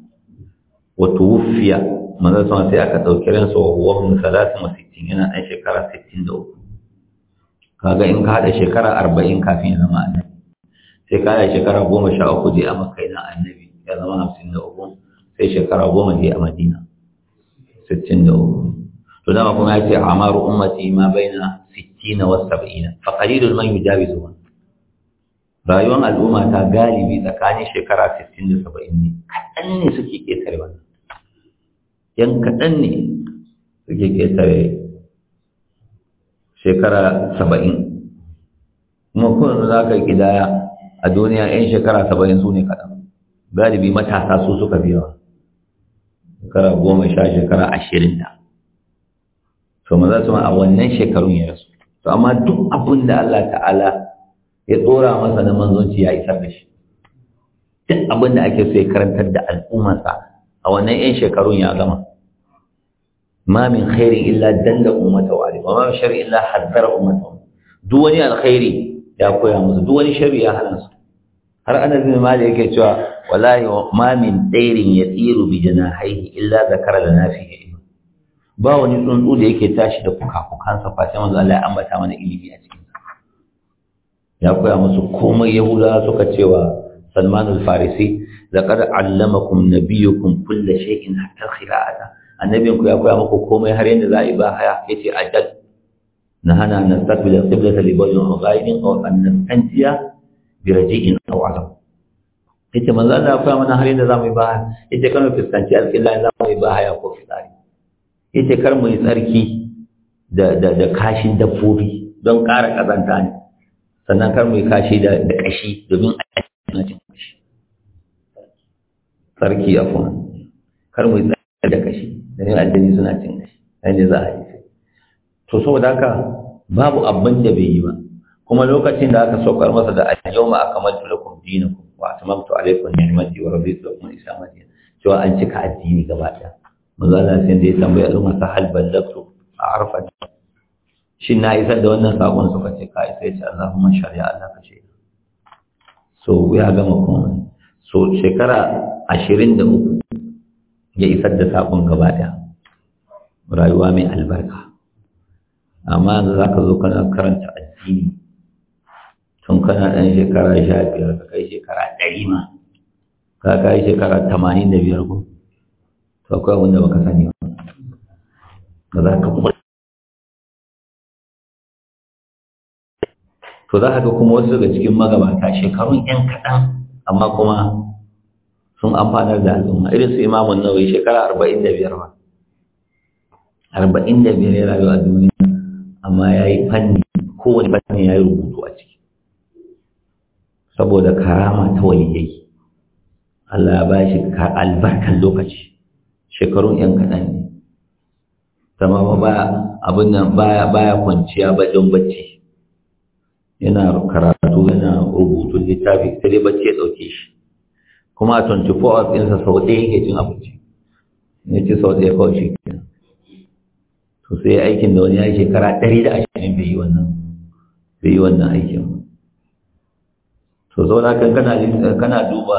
wa tuwfiya manzo sama sai aka dauki ransa wa huwa min 63 yana dan shekara 63 kaga in ka hada shekara 40 kafin ya zama annabi sai ka hada shekara 13 je a makka ina annabi ya zama 53 sai shekara 10 je a madina 63 to dama kuma ya ce a amaru ummati ma na 60 wa 70 fa qalilun man zuwa rayuwar al'umma ta galibi tsakanin shekara 60 da 70 ne kaɗan ne suke ƙetare wannan yan kaɗan ne suke ƙetare shekara 70 kuma kuma za ka gidaya a duniya yan shekara 70 su ne kaɗan galibi matasa su suka biya shekara goma sha shekara ashirin da to maza su ma a wannan shekarun ya rasu to amma duk abin da Allah ta'ala ya tsora masa na manzonci ya isar da shi duk abin da ake so ya karantar da al'ummarsa a wannan 'yan shekarun ya gama ma min khairin illa dalla ummata wa alima ma min sharri illa haddara ummata duk wani alkhairi ya koya musu duk wani sharri ya hana su har anas bin malik yake cewa wallahi ma min tsairin yatiru bi janahihi illa zakara lana fihi ba wani tsuntsu da yake tashi da kuka fukansa fa sai manzo Allah ya ambata mana ilimi a cikin ya koya musu komai yahuda suka cewa Salman al-Farisi laqad allamakum nabiyukum kull shay'in hatta al-khira'ata annabiyanku ya koya muku komai har yanda za a yi ba haya yace ajal nahana an nastaqbil qiblata li bayyin ghaibin aw an nastanjiya bi raji'in aw azab yace manzo Allah ya koya mana har yanda za mu yi ba haya yace kana fuskanci al-qibla za mu yi ba haya ko fitari ita kar mu yi tsarki da kashin dabbobi don ƙara ƙazanta ne sannan kar mu yi kashi da ƙashi kashi domin a cin kashi tsarki a kuma kar mu yi tsarki da kashi domin addini suna cin kashi nan ne za a yi to saboda haka babu abin da bai yi ba kuma lokacin da aka saukar masa da al-yawma akmaltu lakum dinakum wa atmamtu alaykum ni'mati wa raditu da kuma isa dinan cewa an cika addini gaba ɗaya na sai da ya tambaya al'umma ta ban ballagtu a arfa shi na isar da wannan sakon suka ce ka isa ya ce Allahumma shari'a Allah ka shaida so ya gama kuma? so shekara ashirin da uku ya isar da sakon gaba daya rayuwa mai albarka amma za ka zo kana karanta addini tun kana ɗan shekara sha biyar ka kai shekara ɗari ma ka kai shekara tamanin da biyar ko to akwai abin da baka sani ba ba za ka kuma to za ka ga kuma wasu daga cikin magabata shekarun yan kaɗan amma kuma sun amfanar da al'umma irin su imamun nawawi shekara arba'in da biyar ba arba'in da biyar ya rayu a duniya amma ya yi fanni kowane fanni ya yi rubutu a ciki saboda karama ta waliyai Allah ya ba shi albarkar lokaci shekarun yan kaɗan ne zama ba abin nan baya baya kwanciya bajan bacci yana karatu yana rubutun littafi sai dai bacci ya ɗauke shi kuma a 24 hours ɗinsa sau ɗaya yake cin abinci ya ci sau ɗaya kawai shi kenan to sai aikin da wani ya shekara ɗari da ashirin bai yi wannan bai yi wannan aikin to zauna kan kana duba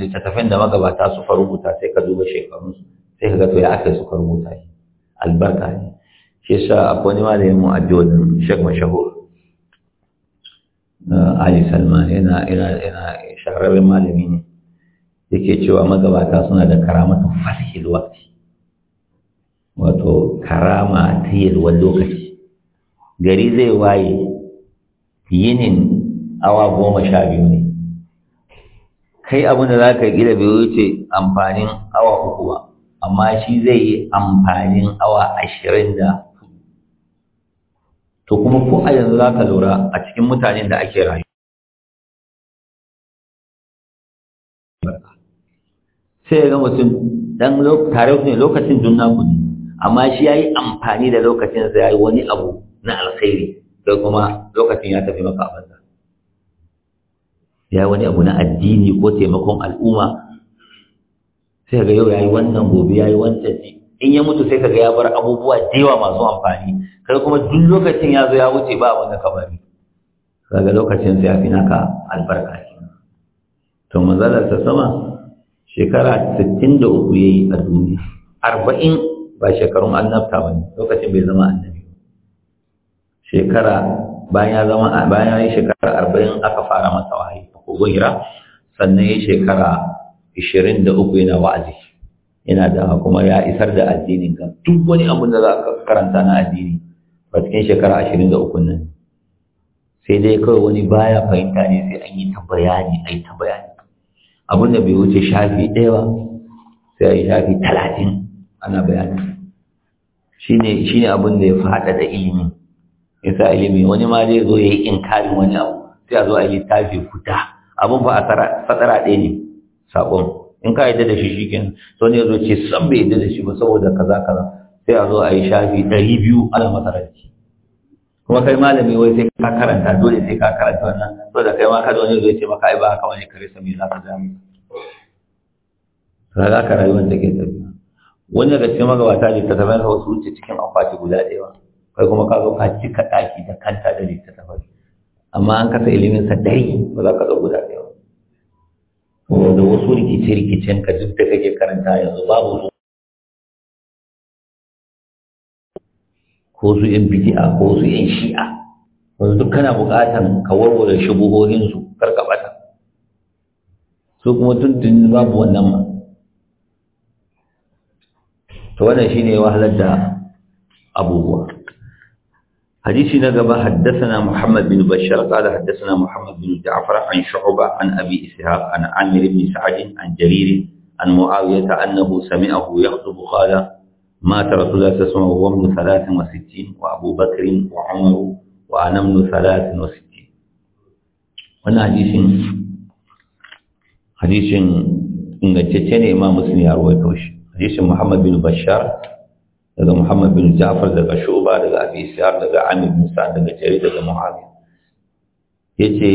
littattafin da magabata su farubuta sai ka duba shekarunsu sai ka ga to ya aka suka rubuta shi albarka ne shi sa akwai wani malamin mu a jiwon Mashahur Ali Salman yana yana yana shahararren malami ne yake cewa magabata suna da karamatu fasihil waqti wato karama ta yalwar lokaci gari zai waye yinin awa goma sha biyu ne kai abin da za ka gida bai wuce amfanin awa uku amma shi zai yi amfanin awa ashirin da to kuma ko a yanzu za ka lura a cikin mutanen da ake rayu sai ya ga mutum dan tare ne lokacin juna ku ne amma shi ya yi amfani da lokacin sa ya yi wani abu na alkhairi sai kuma lokacin ya tafi maka abin ya wani abu na addini ko taimakon al'umma sai ga yau yayi wannan gobe yayi wancan ji in ya mutu sai kaga ya bar abubuwa da yawa masu amfani kai kuma duk lokacin ya zo ya wuce ba abin da ka bari kaga lokacin sai ya fi naka albarka to manzalar ta sama shekara 63 yayi a duniya 40 ba shekarun annabta ne, lokacin bai zama annabi shekara bayan ya zama bayan ya yi shekara arba'in aka fara masa wahayi ko kogon hira sannan ya yi shekara 23 yana wa'azi yana da kuma ya isar da addinin ka duk wani abu da za ka karanta na addini a cikin shekara 23 nan sai dai kawai wani baya fahimta ne sai an yi ta bayani ai ta bayani abin da bai wuce shafi ɗaya ba sai a yi shafi talatin ana bayani shi ne abin da ya faɗa da ya yasa ilimi wani ma zai zo ya yi inkarin wani abu sai a zo a yi littafi fita abin ba a sadara ɗaya ne sakon in ka yadda da shi shikenan to ne zo ce san bai yadda da shi ba saboda kaza kaza sai a zo a yi shafi ɗari biyu ala masaranci kuma kai malami wai sai ka karanta dole sai ka karanta wannan saboda kai ma ka zo ne zo ce maka ai ba haka wani kare sami za ka ja mu ka ka rayuwar take tafi. wani daga cikin magabata ta na wasu wuce cikin akwati guda ɗaya kai kuma ka zo ka cika ɗaki da kanta da littattafai amma an kasa ilimin sa ɗari ba za ka zo guda ɗaya da wasu rikice-rikicen ka duk da kake karanta yanzu babu su ko su yan bidi'a ko su yan shi'a wanzu duk kana buƙatan ka warware shubuhohinsu ka ɓata su kuma tuntun babu wannan ma to wannan shine wahalar da abubuwa حديث نقب حدثنا محمد بن بشار قال حدثنا محمد بن جعفر عن شعبة عن أبي إسحاق عن عامر بن سعد عن جرير عن معاوية أنه سمعه يخطب قال مات رسول الله صلى الله عليه وسلم ثلاث وستين وأبو بكر وعمر وأنا من ثلاث وستين وانا حديث حديث إن جتني إمام مسلم يروي حديث محمد بن بشار daga Muhammad bin Ja'far daga Shuba daga Abi Sa'ad daga Amir bin Sa'ad daga Jarir daga Muawiya yace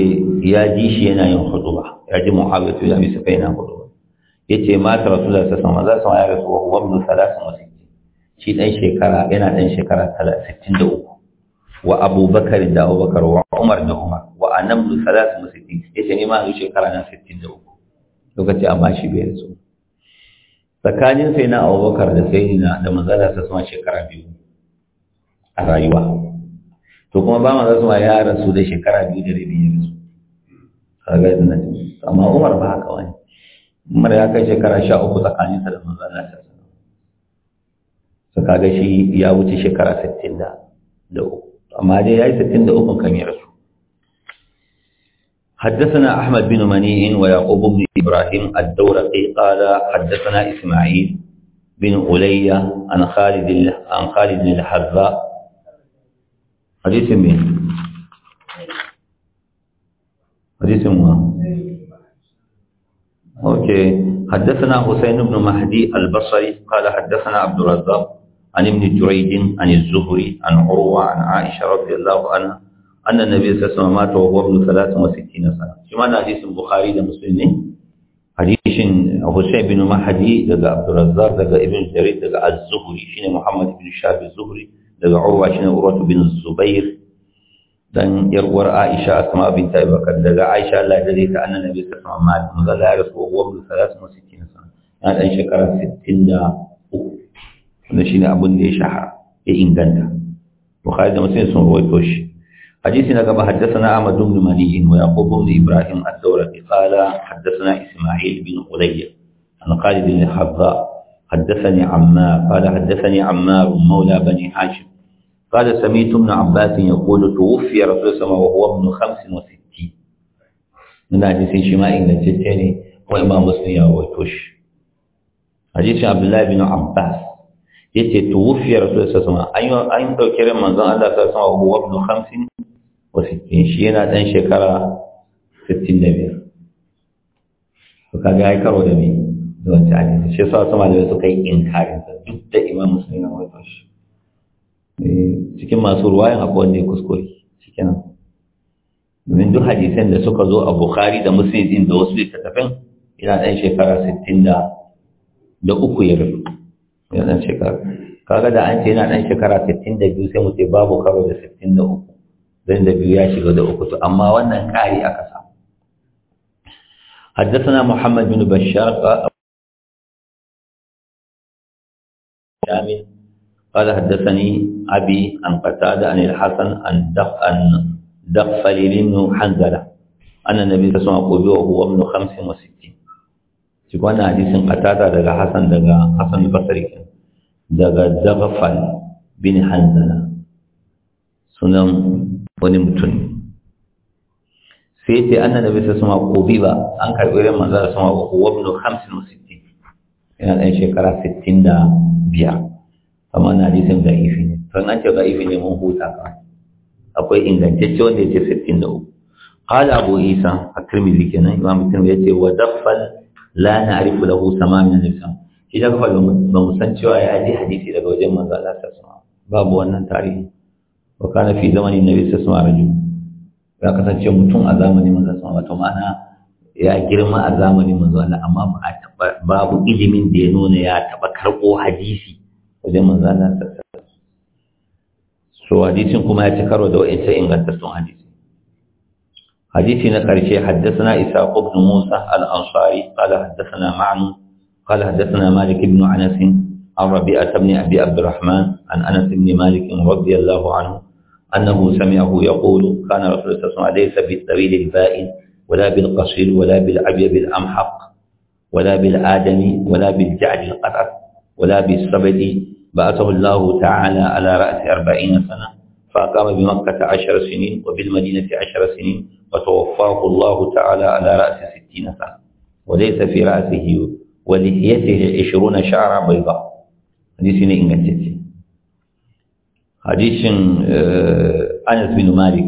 ya ji shi yana yin khutba ya ji Muawiya to ya bi sa yana khutba yace mata Rasulullah sallallahu alaihi wasallam ya rasu wa ibn 63 shi dan shekara yana dan shekara 63 wa Abu Bakar da Abu Bakar wa Umar da Umar wa annabi 63 yace ni ma shekara na 63 lokaci amma shi bai rasu tsakanin sai na abubakar da sai na da manzala sa suna shekara biyu a rayuwa to kuma ba manzala suna ya rasu da shekara biyu da rabi ya rasu kaga da nan amma umar ba haka wani umar ya kai shekara sha uku tsakanin sa da manzala sa su kaga shi ya wuce shekara sittin da uku amma dai ya yi sittin da uku kan ya rasu حدثنا أحمد بن منيع ويعقوب بن إبراهيم الدورقي قال حدثنا إسماعيل بن ألية عن خالد عن خالد بن الحذاء حديث مين؟ حديث ما أوكي حدثنا حسين بن مهدي البصري قال حدثنا عبد الرزاق عن ابن جريج عن الزهري عن عروة عن عائشة رضي الله عنها annan nabi sallallahu alaihi wasallam mata wa huwa 63 sana shi ma na hadisin bukhari da muslim ne hadisin husayn bin mahdi daga abdurrazzaq daga ibn jarir daga az-zuhri shine muhammad ibn shahab az-zuhri daga urwa shine urwa bin zubair dan yarwar aisha asma bint abi daga aisha Allah da zai ta annan nabi sallallahu alaihi wasallam mata ya rasu wa huwa 63 sana ya dan shekara 63 wannan shine abin da ya shahara ya inganta bukhari da muslim sun rawaito shi حديث نقب حدثنا أحمد بن مني ويعقوب بن إبراهيم الدورقي قال حدثنا إسماعيل بن علي عن خالد بن الحظاء حدثني عمار قال حدثني عمار مولى بني هاشم قال سميت ابن عباس يقول توفي رسول الله وهو ابن خمس وستين من حديث شماء الجتين وإمام مسلم ويتوش حديث عبد الله بن عباس يتي توفي رسول الله صلى الله عليه وسلم أي أي من زاد الله صلى الله عليه وسلم وهو ابن خمس wa sittin shi yana ɗan shekara sittin da biyar to kaga ya yi karo da mai da wancan hadisi shi sa sama da suka yi inkarin duk da imam musulmi na wata shi eh, cikin masu ruwayan akwai wanda ya kuskure cikin domin duk hadisan da suka zo a bukhari da musulmi din da wasu littattafin yana ɗan shekara sittin da uku ya rufe yana ɗan shekara kaga da an ce yana ɗan shekara sittin da biyu sai mu ce babu karo da sittin da uku zan da ya shiga da uku amma wannan kayi aka samu haddathana muhammad bin bashar jamin qala haddathani abi an qatada an al-hasan an daqan daqfali bin hanzala anna nabiy sallallahu alaihi wa sallam qulu huwa min 65 shi hadisin qatada daga hasan daga hasan al-basri daga daqfal bin hanzala sunan wani mutum sai ce annan da bisa suma ko ba an karɓi ran manzan da suma ko wabnu hamsin wa sittin yana ɗan shekara sittin da biyar amma na hadisin sun ifi ne to an ce ga ne mun huta ka akwai ingantacce wanda ya ce sittin da uku قال imam mutum ya ce wa الترمذي la na لا da له سماع min الإسلام shi da kawai ba mu san cewa ya ji hadisi daga wajen manzo da sallallahu babu wannan tarihi wa kana fi zamanin nabi sallallahu alaihi wasallam ya kasance mutum a zamanin manzo sallallahu alaihi wasallam ya girma a zamanin manzo Allah amma babu ilimin da ya nuna ya taba karbo hadisi wajen manzo Allah sallallahu alaihi wasallam so hadisin kuma ya ci karo da wa'ancan ingantattun hadisi حديث نقرشي Isa, إسحاق بن Musa, الأنصاري قال حدثنا معن قال حدثنا مالك بن أنس عن ربيعة بن أبي عبد الرحمن عن أنس بن مالك رضي الله عنه أنه سمعه يقول كان رسول الله صلى الله عليه وسلم ليس بالطويل البائن ولا بالقصير ولا بالأبيض الأمحق ولا بالآدم ولا بالجعد القطع ولا بالسبد بعثه الله تعالى على رأس أربعين سنة فأقام بمكة عشر سنين وبالمدينة عشر سنين وتوفاه الله تعالى على رأس ستين سنة وليس في رأسه ولحيته عشرون شعرا بيضاء هذه سنة إنجتتي hadisin eh, anas bin malik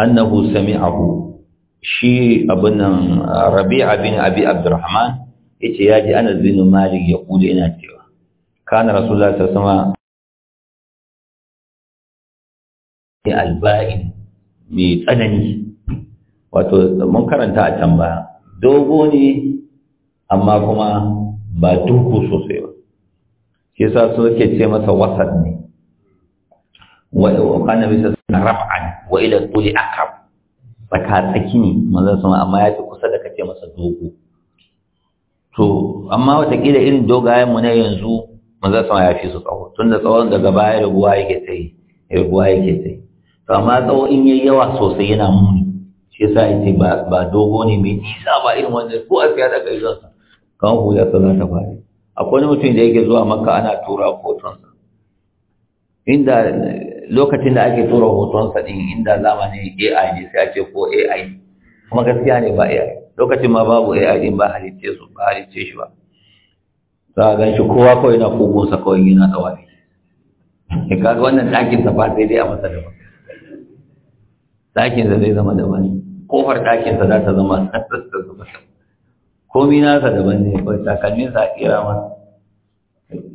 annahu sami'ahu shi abunan rabi'a bin abi abdurrahman yace ya ji anas bin malik ya kula yana cewa kana rasulullah sallallahu alaihi wasallam alba'in mai tsanani wato mun karanta a tambaya. dogo ne amma kuma ba duku sosai ba shi yasa su ke ce masa wasat ne وقال النبي صلى الله عليه وسلم رفعا والى الطول اقرب tsakatsaki ne sama amma ya fi kusa da kace masa dogo to amma watakila irin dogayen mu na yanzu manzon sama ya fi su tsawo tunda tsawon daga baya ruwa yake tsaye ruwa yake tsaye to amma tsawo in yayi yawa sosai yana muni shi yasa yace ba ba dogo ne mai nisa ba irin wanda ko a fiya daga izon kan hula ya za ta fare akwai wani mutum da yake zuwa makka ana tura hotonsa inda lokacin da ake tura hotonsa ɗin inda zamanin ai ne sai a ce ko ai kuma gaskiya ne ba ai lokacin ma babu ai ɗin ba halitce su ba halitce shi ba za a gan shi kowa kawai na kogonsa kawai yana tsawa ne ka ga wannan ɗakin sa ba sai dai a masa ba ɗakin sa zai zama daban kofar ɗakin sa za ta zama ta zama komi nasa daban ne kawai takalmin sa a kira masa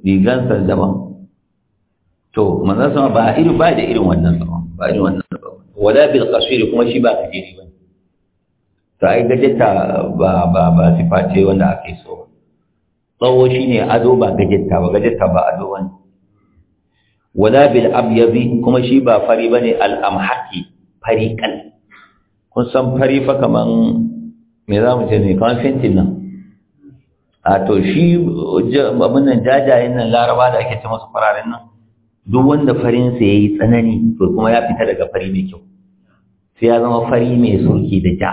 rigansa daban to manzon sama ba irin ba da irin wannan sama ba irin wannan sama wala bil qasir kuma shi ba kajeri ba to ai gajetta ba ba ba sifa ce wanda ake so tsawo shine ado ba gajetta ba gajetta ba ado wani wala bil abyabi kuma shi ba fari bane al amhaki fari kal kun san fari fa kaman me za mu ce ne kaman fentin nan a to shi abin nan jajayen nan laraba da ake ce masu fararen nan duk wanda farinsa ya yi tsanani to kuma ya fita daga fari mai kyau sai ya zama fari mai sulki da ja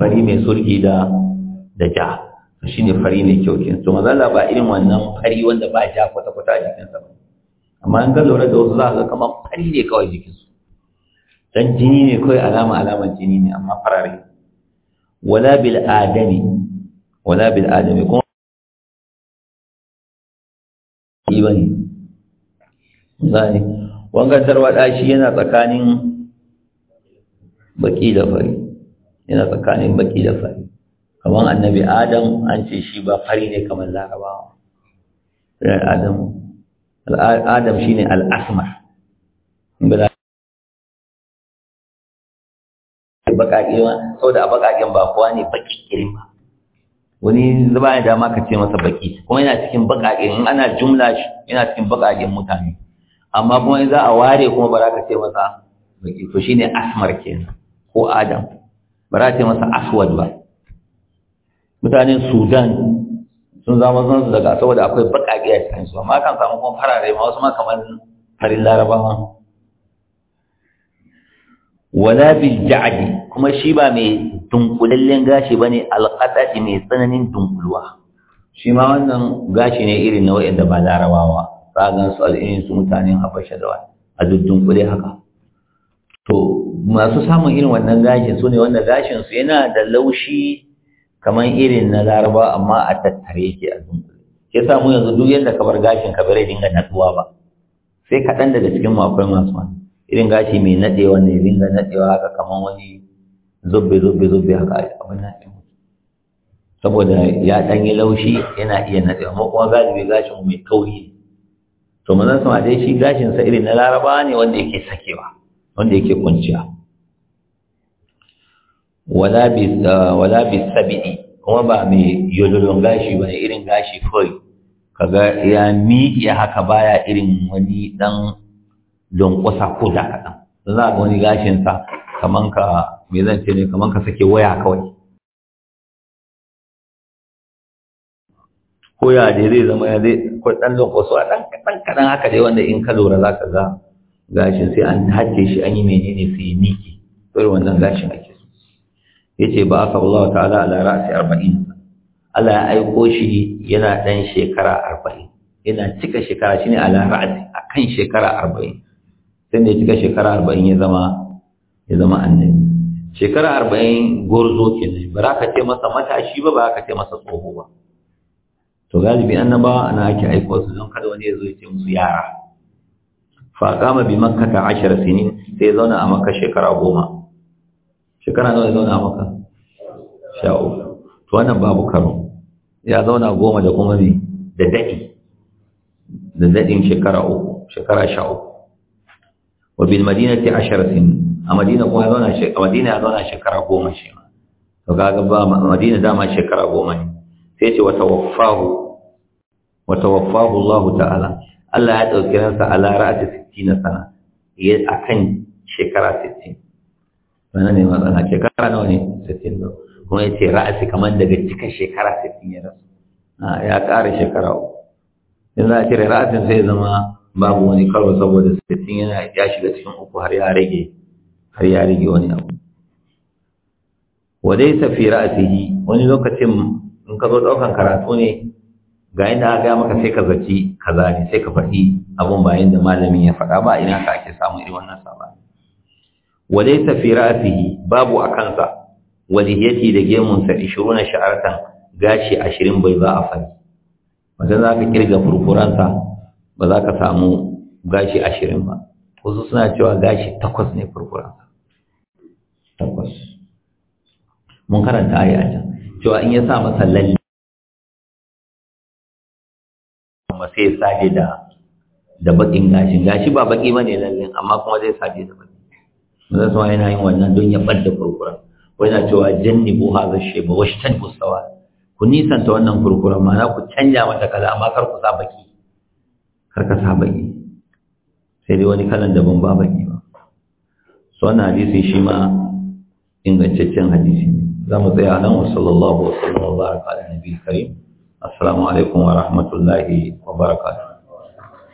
fari mai sulki da da ja shi ne fari mai kyau kin to mazalla ba irin wannan fari wanda ba ja kwata-kwata a jikinsa ba amma an ga lura da wasu za ka kamar fari ne kawai jikinsu dan jini ne kawai alama alama jini ne amma farare wala bil adami wala bil adami kuma ibani zane wangan tarwada shi yana tsakanin baki da fari yana tsakanin baki da fari kamar annabi adam an ce shi ba fari ne kamar larabawa ran adam adam shine al-asmar baƙaƙe da a ba kowa ne baki kirin ba wani zuba da dama ka ce masa baki. kuma yana cikin baƙaƙen ana jumla shi yana cikin bakaƙen mutane amma kuma in za a ware kuma ba za ka ce masa baki to shine asmar kenan ko adam ba za ka ce masa aswad ba mutanen sudan sun zama sun su daga saboda akwai baƙaƙe a cikin su amma kan samu kuma farare ma wasu ma kamar farin larabawa wala bil ja'di kuma shi ba mai dunkulallen gashi bane alqatati mai tsananin dunkulwa shi ma wannan gashi ne irin na wa'anda ba larabawa za a su al'in su mutanen habasha da wani a duddun kuɗi haka to masu samun irin wannan gashin su ne wanda gashin su yana da laushi kamar irin na laraba amma a tattare yake a dunkule ke samu yanzu duk yadda ka bar gashin ka bare dinga natsuwa ba sai kaɗan daga cikin mu akwai masu wani irin gashi mai nadewa ne dinga nadewa haka kamar wani zubbe zubbe zubbe haka abin na ɗin saboda ya ɗan yi laushi yana iya nadewa ma kuma galibi gashin mai kauri to manzon sama dai shi gashin sa irin na laraba ne wanda yake sakewa wanda yake kunciya wala bi ah, wala bi sabidi kuma ba mai yololon gashi ba ne irin gashi kawai kaga ya miƙe haka baya irin wani dan donkusa ko da kaɗan za ga wani gashinsa kaman ka me zan ce ne kaman ka sake waya kawai ko ya dai zai zama ya zai kwai ɗan kwaso a ɗan kaɗan kaɗan haka dai wanda in ka lura za ka ga gashin sai an hake shi an yi menene sai ya miƙe irin wannan gashin ake so ya ce ba aka Allah ta'ala ala ra'asi arba'in Allah ya aiko shi yana ɗan shekara arba'in yana cika shekara shi ne ala ra'asi a kan shekara arba'in sai ne cika shekara arba'in ya zama ya zama annabi shekara arba'in gwarzo kenan ba za ka ce masa matashi ba ba za ka ce masa tsoho ba to galibi annaba ana ake aiko su don kada wani ya zo ya ce musu yara fa kama bi makka ta ashar sinin sai zauna a makka shekara goma shekara nawa zauna a makka sha uku to wannan babu karo ya zauna goma da kuma bi da daɗi da daɗin shekara uku shekara sha uku wa bil madinati ashar sinin a madina kuma zauna a madina ya zauna shekara goma shi ma to kaga ba madina dama shekara goma ne sai ce wa tawaffahu wa tawaffahu Allah ta'ala Allah ya dauke ransa ala ra'ati 60 sana ya akan shekara 60 wannan ne ma sana shekara nawa ne 60 ne kuma yace ce ra'asi kamar daga cikin shekara 60 ya rasu ya kare shekara in za a cire ra'asin sai zama babu wani karo saboda 60 yana ya shiga cikin uku har ya rage har ya rage wani abu wa wadai safi ra'asihi wani lokacin in ka zo daukan karatu ne ga yadda aka gaya maka sai ka zaci kaza ne sai ka faɗi abun ba yadda malamin ya faɗa ba ina ka ake samun irin wannan sabani walai tafira fihi babu a kansa walihiyati da gemunsa 20 sha'aratan gashi ashirin bai za a fari wajen za ka kirga furfuransa ba za ka samu gashi ashirin ba wasu suna cewa gashi takwas ne furfuransa takwas mun karanta ayi a can cewa in ya sa masa lalle sai sade da da bakin gashin gashi ba baki bane lalle amma kuma zai sade da baki manzon yana yin wannan don ya bada kurkura ko yana cewa jannibu hadha ba washtan mustawa ku nisan ta wannan ma na ku canja mata kala amma kar ku sa baki kar ka sa baki sai dai wani kalan daban ba baki ba so wannan hadisi shi ma ingantaccen hadisi za mu tsaya nan wa sallallahu wa sallam wa baraka ala nabiyil karim assalamu alaikum wa rahmatullahi wa barakatuh